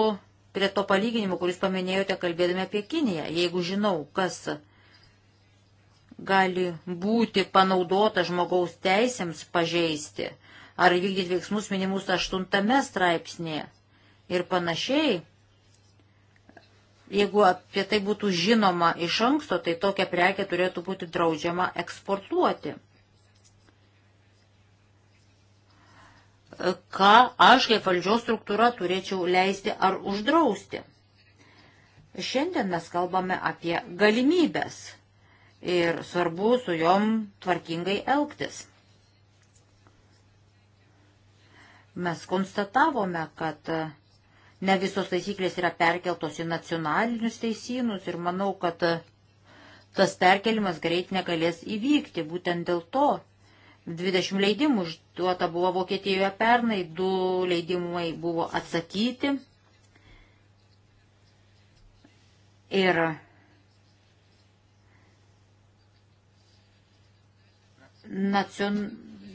prie to palyginimo, kuris paminėjote kalbėdami apie Kiniją. Jeigu žinau, kas gali būti panaudota žmogaus teisėms pažeisti, ar vykdyti veiksmus minimus aštuntame straipsnėje ir panašiai. Jeigu apie tai būtų žinoma iš anksto, tai tokia prekė turėtų būti draudžiama eksportuoti. Ką aš kaip valdžios struktūra turėčiau leisti ar uždrausti? Šiandien mes kalbame apie galimybės ir svarbu su jom tvarkingai elgtis. Mes konstatavome, kad ne visos taisyklės yra perkeltos į nacionalinius teisynus ir manau, kad tas perkelimas greit negalės įvykti. Būtent dėl to 20 leidimų užduota buvo Vokietijoje pernai, du leidimai buvo atsakyti. Ir nacion...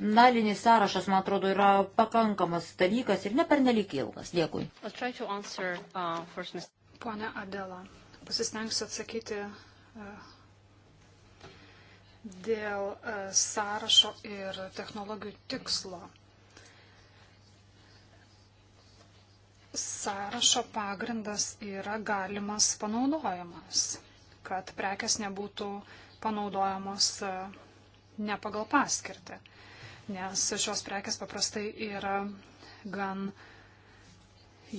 Nacionalinis sąrašas, man atrodo, yra pakankamas dalykas ir nepernelik ilgas. Dėkui. Answer, uh, first... Pone Adela, pasistengsiu atsakyti uh, dėl uh, sąrašo ir technologijų tikslo. Sąrašo pagrindas yra galimas panaudojimas, kad prekes nebūtų panaudojamos uh, ne pagal paskirtį nes šios prekes paprastai yra gan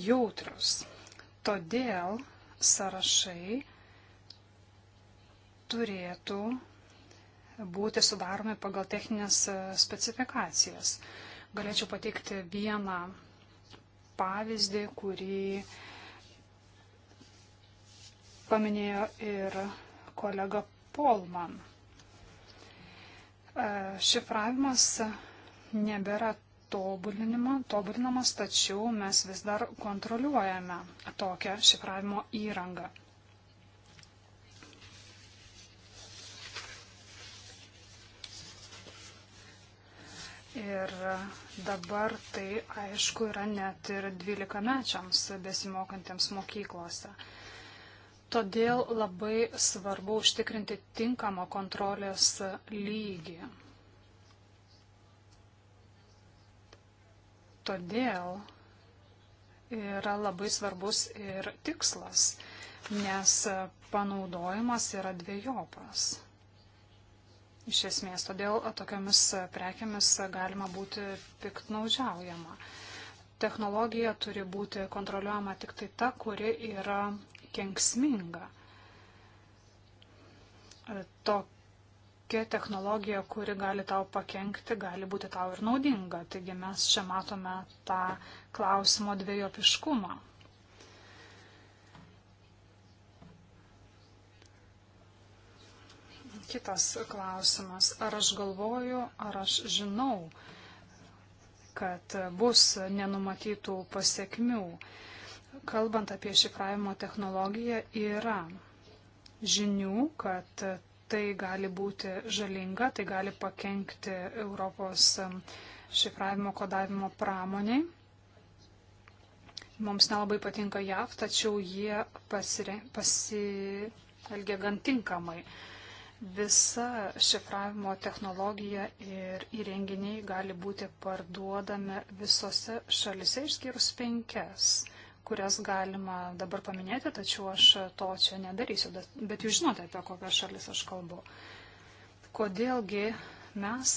jautrus. Todėl sąrašai turėtų būti sudaromi pagal techninės e, specifikacijas. Galėčiau pateikti vieną pavyzdį, kurį paminėjo ir kolega Polman. E, šifravimas nebėra tobulinamas, tačiau mes vis dar kontroliuojame tokią šifravimo įrangą. Ir dabar tai aišku yra net ir 12 mečiams besimokantiems mokyklose. Todėl labai svarbu užtikrinti tinkamą kontrolės lygį. Todėl yra labai svarbus ir tikslas, nes panaudojimas yra dviejopas. Iš esmės, todėl tokiamis prekiamis galima būti piktnaudžiaujama. Technologija turi būti kontroliuojama tik tai ta, kuri yra kenksminga. E, tokia technologija, kuri gali tau pakengti, gali būti tau ir naudinga. Taigi mes čia matome tą klausimo dviejopiškumą. kitas klausimas. Ar aš galvoju, ar aš žinau, kad bus nenumatytų pasiekmių kalbant apie šifravimo technologiją, yra žinių, kad tai gali būti žalinga, tai gali pakengti Europos šifravimo kodavimo pramoniai. Mums nelabai patinka JAV, tačiau jie pasire, pasielgia gan tinkamai. Visa šifravimo technologija ir įrenginiai gali būti parduodami visose šalise išskyrus penkias kurias galima dabar paminėti, tačiau aš to čia nedarysiu, bet jūs žinote, apie kokias šalis aš kalbu. Kodėlgi mes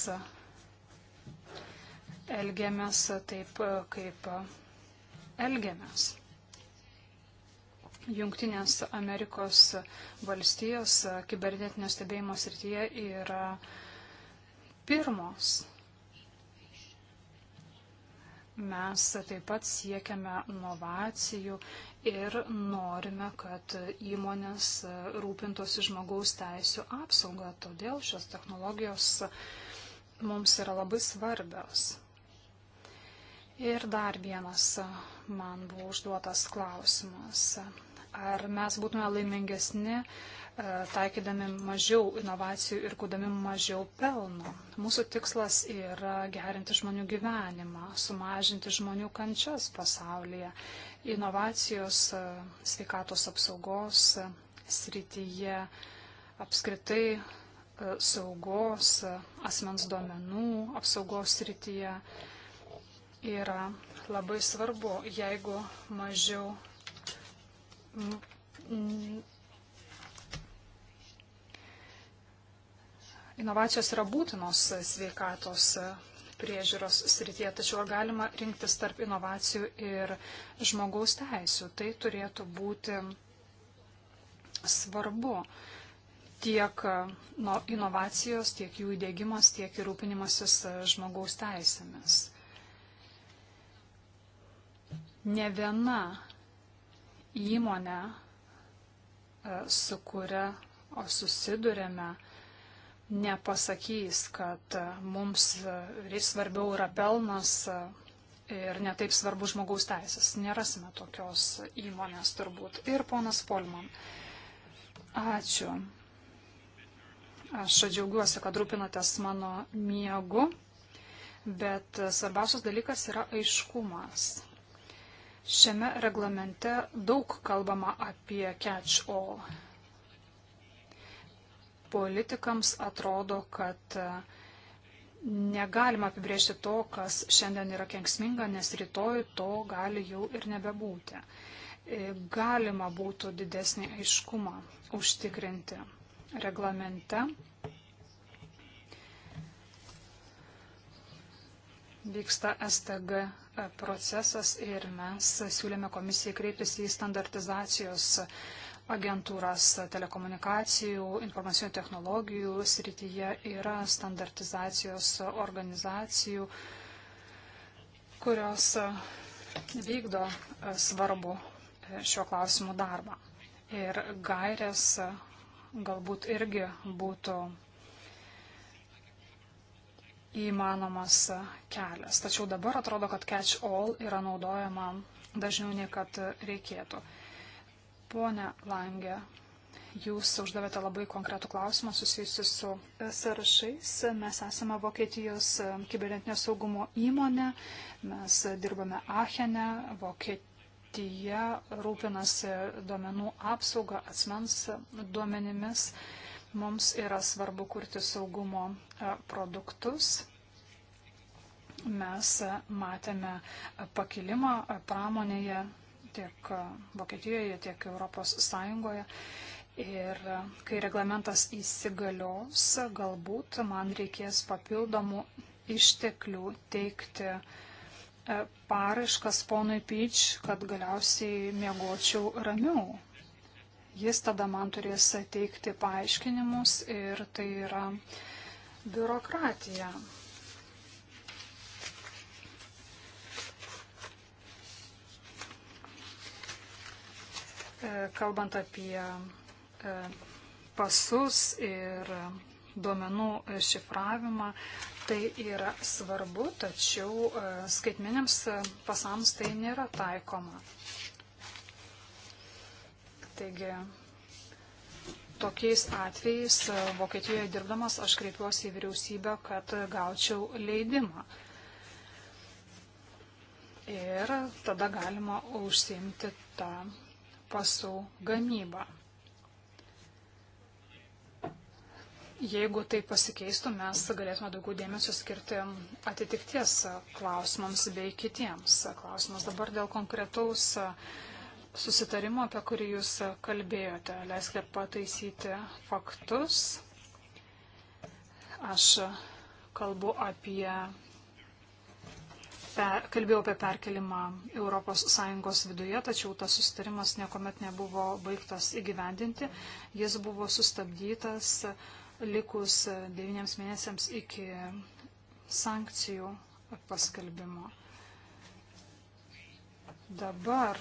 elgiamės taip, kaip elgiamės. Junktinės Amerikos valstijos kibernetinio stebėjimo srityje yra pirmos Mes taip pat siekiame inovacijų ir norime, kad įmonės rūpintosi žmogaus teisų apsaugą. Todėl šios technologijos mums yra labai svarbios. Ir dar vienas man buvo užduotas klausimas. Ar mes būtume laimingesni, E, taikydami mažiau inovacijų ir kūdami mažiau pelno. Mūsų tikslas yra gerinti žmonių gyvenimą, sumažinti žmonių kančias pasaulyje. Inovacijos e, sveikatos apsaugos e, srityje apskritai saugos, asmens duomenų apsaugos srityje yra labai svarbu, jeigu mažiau Inovacijos yra būtinos sveikatos priežiūros srityje, tačiau ar galima rinktis tarp inovacijų ir žmogaus teisų. Tai turėtų būti svarbu tiek inovacijos, tiek jų įdėgymas, tiek ir rūpinimasis žmogaus teisėmis. Ne viena įmonė, e, su kuria susidurėme, nepasakys, kad mums svarbiau yra pelnas ir netaip svarbu žmogaus teisės. Nerasime tokios įmonės turbūt. Ir ponas Polman. Ačiū. Aš džiaugiuosi, kad rūpinatės mano miegu, bet svarbiausias dalykas yra aiškumas. Šiame reglamente daug kalbama apie catch-all politikams atrodo, kad e, negalima apibriežti to, kas šiandien yra kenksminga, nes rytoj to gali jau ir nebebūti. E, galima būtų didesnį aiškumą užtikrinti reglamente. Vyksta STG e, procesas ir mes siūlėme komisijai kreiptis į standartizacijos procesą agentūras telekomunikacijų, informacinių technologijų srityje yra standartizacijos organizacijų, kurios e, vykdo e, svarbu e, šio klausimų darbą. Ir gairės galbūt irgi būtų įmanomas kelias. Tačiau dabar atrodo, kad catch all yra naudojama dažniau nei kad reikėtų. Pone Langė, jūs uždavėte labai konkretų klausimą susijusiu su sąrašais. Mes esame Vokietijos kibernetinio saugumo įmonė, mes dirbame Achene, Vokietija rūpinasi duomenų apsaugą, asmens duomenimis. Mums yra svarbu kurti saugumo e, produktus. Mes e, matėme pakilimą e, pramonėje tiek Vokietijoje, tiek ES. Ir kai reglamentas įsigalios, galbūt man reikės papildomų išteklių teikti e, paraiškas ponui Pyč, kad galiausiai miegočiau ramiau. Jis tada man turės teikti paaiškinimus ir tai yra biurokratija. E, kalbant apie e, pasus ir duomenų šifravimą, tai yra svarbu, tačiau e, skaitminiams pasams tai nėra taikoma. Taigi, tokiais atvejais Vokietijoje dirbdamas aš kreipiuosi į vyriausybę, kad gaučiau leidimą. Ir tada galima užsimti tą pasų gamybą. Jeigu tai pasikeistų, mes galėtume daugiau dėmesio skirti atitikties klausimams bei kitiems. Klausimas dabar dėl konkretaus susitarimo, apie kurį jūs kalbėjote. Leiskite pataisyti faktus. Aš kalbu apie per, kalbėjau apie perkelimą ES viduje, tačiau tas sustarimas niekuomet nebuvo baigtas įgyvendinti. Jis buvo sustabdytas likus devyniems mėnesiams iki sankcijų paskelbimo. Dabar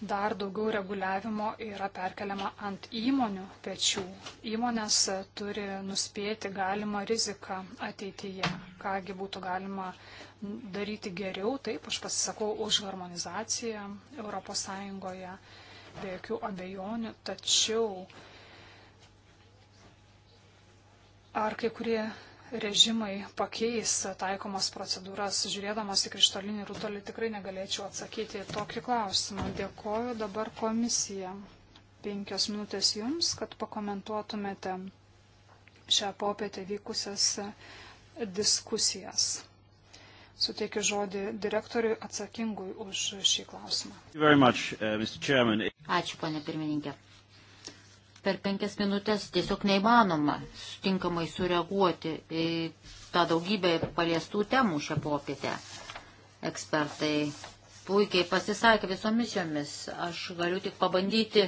dar daugiau reguliavimo yra perkeliama ant įmonių pečių. Įmonės turi nuspėti galimą riziką ateityje, kągi būtų galima daryti geriau. Taip, aš pasisakau už harmonizaciją ES be jokių abejonių, tačiau ar kai kurie režimai pakeis taikomas procedūras, žiūrėdamas į krištolinį rutulį, tikrai negalėčiau atsakyti į tokį klausimą. Dėkoju dabar komisija. Penkios minutės jums, kad pakomentuotumėte šią popietę vykusias diskusijas. Suteikiu žodį direktoriui atsakingui už šį klausimą. Much, uh, Ačiū, ponė pirmininkė per penkias minutės tiesiog neįmanoma tinkamai sureaguoti į tą daugybę paliestų temų šią popietę. Ekspertai puikiai pasisakė visomis jomis. Aš galiu tik pabandyti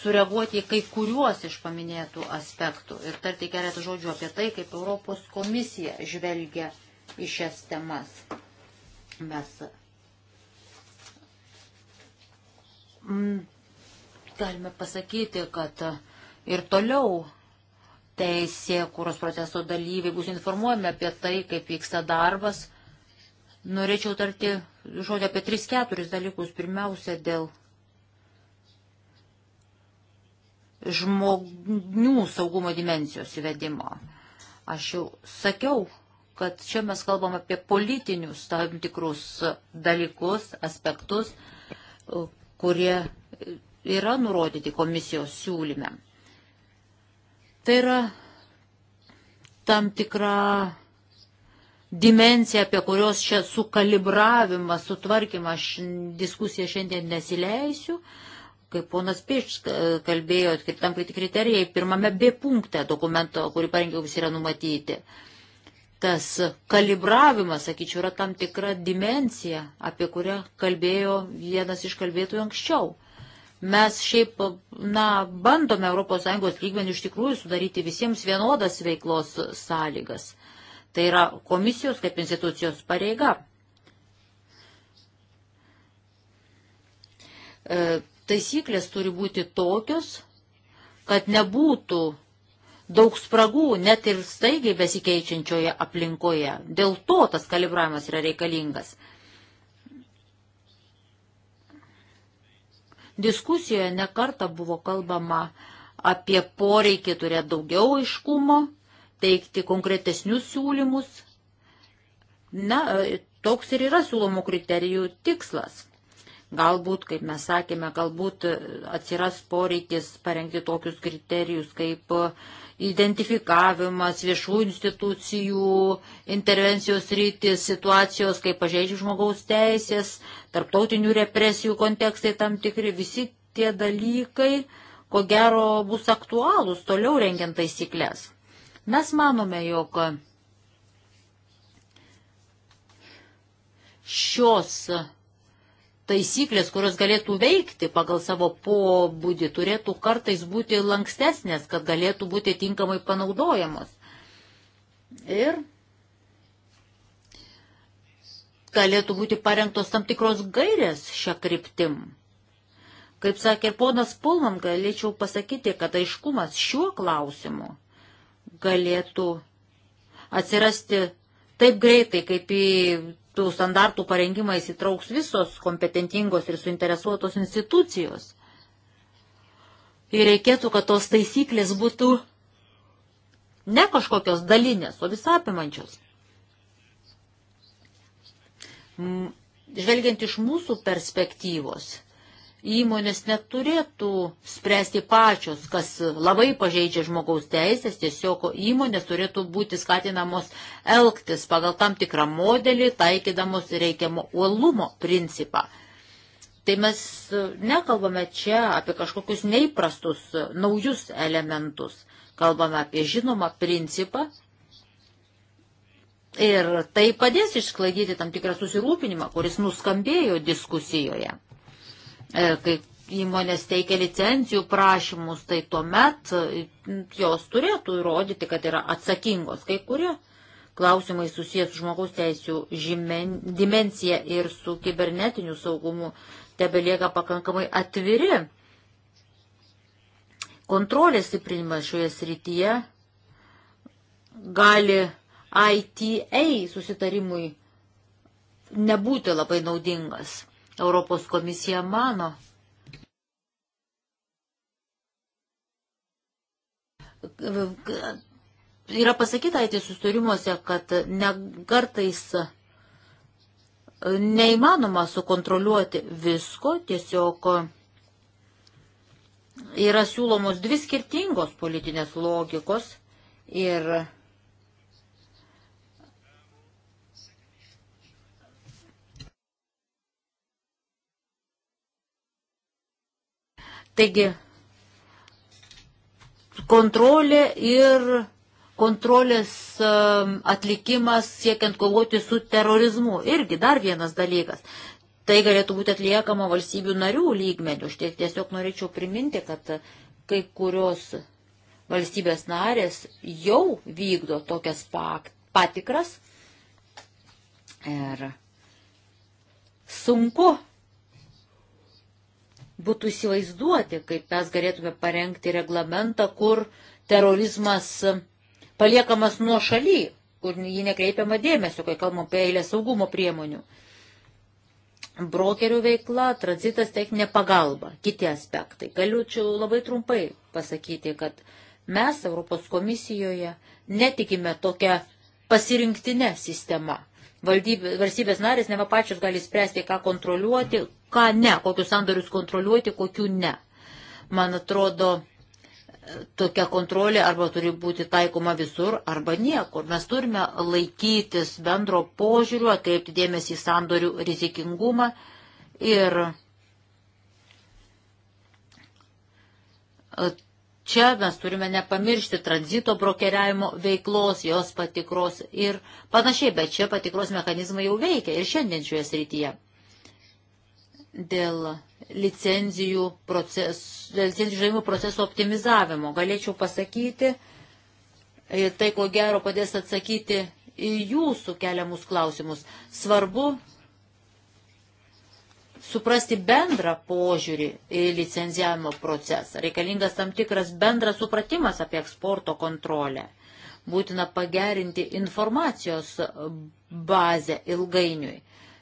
sureaguoti į kai kuriuos iš paminėtų aspektų ir tarti keletą žodžių apie tai, kaip Europos komisija žvelgia į šias temas. Mes. Mm galime pasakyti, kad ir toliau teisė, kuros proceso dalyviai bus informuojami apie tai, kaip vyksta darbas. Norėčiau tarti žodį apie 3-4 dalykus. Pirmiausia, dėl žmonių saugumo dimensijos įvedimo. Aš jau sakiau, kad čia mes kalbam apie politinius tam tikrus dalykus, aspektus, kurie yra nurodyti komisijos siūlyme. Tai yra tam tikra dimencija, apie kurios čia sukalibravimą, sutvarkymą aš diskusiją šiandien nesileisiu. Kaip ponas Pieš kalbėjo, kaip tam kriterijai, pirmame B punkte dokumento, kurį parengiau, visi yra numatyti tas kalibravimas, sakyčiau, yra tam tikra dimencija, apie kurią kalbėjo vienas iš kalbėtojų anksčiau. Mes šiaip, na, bandome ES lygmenį iš tikrųjų sudaryti visiems vienodas veiklos sąlygas. Tai yra komisijos kaip institucijos pareiga. E, taisyklės turi būti tokios, kad nebūtų daug spragų net ir staigiai besikeičiančioje aplinkoje. Dėl to tas kalibravimas yra reikalingas. Diskusijoje nekarta buvo kalbama apie poreikį turėti daugiau aiškumo, teikti konkretesnius siūlymus. Na, toks ir yra siūlomų kriterijų tikslas. Galbūt, kaip mes sakėme, galbūt atsiras poreikis parengti tokius kriterijus kaip uh, identifikavimas, viešų institucijų, intervencijos rytis, situacijos, kaip pažeidžia žmogaus teisės, tarptautinių represijų kontekstai tam tikri, visi tie dalykai, ko gero, bus aktualūs toliau rengiant taisyklės. Mes manome, jog šios taisyklės, kurios galėtų veikti pagal savo pobūdį, turėtų kartais būti lankstesnės, kad galėtų būti tinkamai panaudojamos. Ir galėtų būti parengtos tam tikros gairės šią kryptim. Kaip sakė ir ponas Pulman, galėčiau pasakyti, kad aiškumas šiuo klausimu galėtų atsirasti taip greitai, kaip į tų standartų parengimą įsitrauks visos kompetentingos ir suinteresuotos institucijos. Ir reikėtų, kad tos taisyklės būtų ne kažkokios dalinės, o visapimančios. Žvelgiant iš mūsų perspektyvos, įmonės neturėtų spręsti pačios, kas labai pažeidžia žmogaus teisės, tiesiog įmonės turėtų būti skatinamos elgtis pagal tam tikrą modelį, taikydamos reikiamo uolumo principą. Tai mes nekalbame čia apie kažkokius neįprastus naujus elementus, kalbame apie žinomą principą. Ir tai padės išsklaidyti tam tikrą susirūpinimą, kuris nuskambėjo diskusijoje. E, kai įmonės teikia licencijų prašymus, tai tuomet e, jos turėtų įrodyti, kad yra atsakingos. Kai kurie klausimai susijęs su žmogaus teisų žymen, dimencija ir su kibernetiniu saugumu tebelieka pakankamai atviri. Kontrolės stiprinimas šioje srityje gali ITA susitarimui nebūti labai naudingas. Europos komisija mano, yra pasakyta atės sustarimuose, kad negartais neįmanoma sukontroliuoti visko, tiesiog yra siūlomos dvi skirtingos politinės logikos ir Taigi, kontrolė ir kontrolės um, atlikimas siekiant kovoti su terorizmu. Irgi dar vienas dalykas. Tai galėtų būti atliekama valstybių narių lygmenių. Aš tiesiog norėčiau priminti, kad kai kurios valstybės narės jau vykdo tokias patikras. Ir sunku būtų įsivaizduoti, kaip mes galėtume parengti reglamentą, kur terorizmas paliekamas nuo šaly, kur jį nekreipiama dėmesio, kai kalbam apie eilę saugumo priemonių. Brokerių veikla, tranzitas, techninė pagalba, kiti aspektai. Galiu čia labai trumpai pasakyti, kad mes Europos komisijoje netikime tokią pasirinktinę sistemą valdybė, valstybės narės neva pačios gali spręsti, ką kontroliuoti, ką ne, kokius sandorius kontroliuoti, kokių ne. Man atrodo, tokia kontrolė arba turi būti taikoma visur, arba niekur. Mes turime laikytis bendro požiūrio, atkreipti dėmesį į sandorių rizikingumą ir Čia mes turime nepamiršti tranzito brokeriavimo veiklos, jos patikros ir panašiai, bet čia patikros mechanizmai jau veikia ir šiandien šioje srityje. Dėl licenzijų, proces, dėl licenzijų žaidimų proceso optimizavimo galėčiau pasakyti, ir e, tai ko gero padės atsakyti į jūsų keliamus klausimus. Svarbu suprasti bendrą požiūrį į licenzijavimo procesą. Reikalingas tam tikras bendras supratimas apie eksporto kontrolę. Būtina pagerinti informacijos bazę ilgainiui.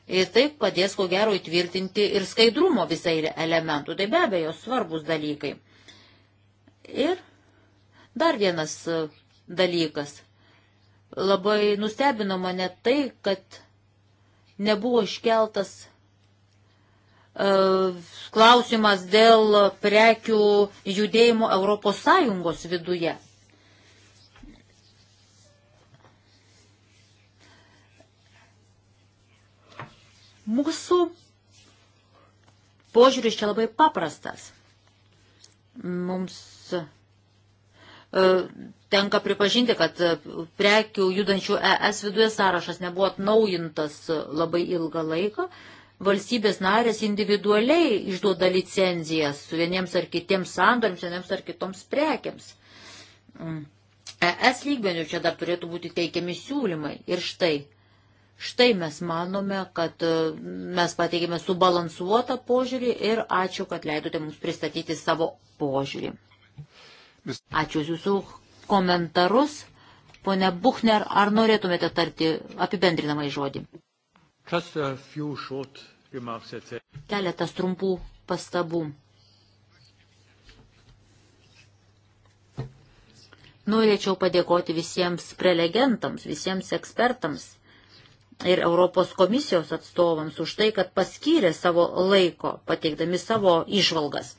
Ir taip padės, ko gero, įtvirtinti ir skaidrumo visai elementų. Tai be abejo svarbus dalykai. Ir dar vienas dalykas. Labai nustebino mane tai, kad nebuvo iškeltas E, klausimas dėl prekių judėjimo ES viduje. Mūsų požiūris čia labai paprastas. Mums e, tenka pripažinti, kad prekių judančių ES viduje sąrašas nebuvo atnaujintas labai ilgą laiką valstybės narės individualiai išduoda licenzijas vieniems ar kitiems sandoriams, vieniems ar kitoms prekiams. Mm. ES lygmenių čia dar turėtų būti teikiami siūlymai. Ir štai, štai mes manome, kad e, mes pateikėme subalansuotą požiūrį ir ačiū, kad leidote mums pristatyti savo požiūrį. Ačiū jūsų komentarus. Pone Buchner, ar norėtumėte tarti apibendrinamai žodį? Keletas trumpų pastabų. Norėčiau padėkoti visiems prelegentams, visiems ekspertams ir Europos komisijos atstovams už tai, kad paskyrė savo laiko, pateikdami savo išvalgas.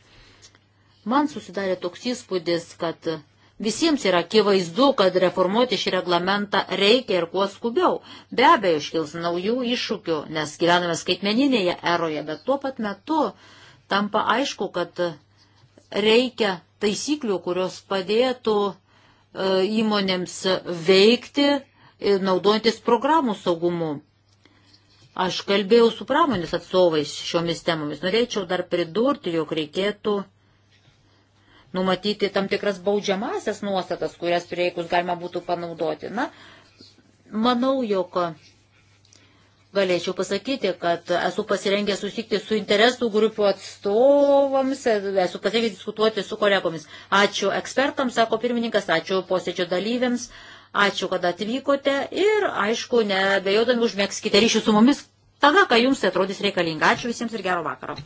Man susidarė toks įspūdis, kad Visiems yra akivaizdu, kad reformuoti šį reglamentą reikia ir kuo skubiau. Be abejo, iškils naujų iššūkių, nes gyvename skaitmeninėje eroje, bet tuo pat metu tampa aišku, kad reikia taisyklių, kurios padėtų e, įmonėms veikti, e, naudojantis programų saugumu. Aš kalbėjau su pramonės atstovais šiomis temomis. Norėčiau dar pridurti, jog reikėtų numatyti tam tikras baudžiamasias nuostatas, kurias prieikus galima būtų panaudoti. Na, manau, jog galėčiau pasakyti, kad esu pasirengęs susitikti su interesų grupių atstovams, esu pasirengęs diskutuoti su kolegomis. Ačiū ekspertams, sako pirmininkas, ačiū posėdžio dalyviams, ačiū, kad atvykote ir, aišku, nebejodami užmėgskite ryšių su mumis tada, kai jums atrodys reikalinga. Ačiū visiems ir gero vakaro.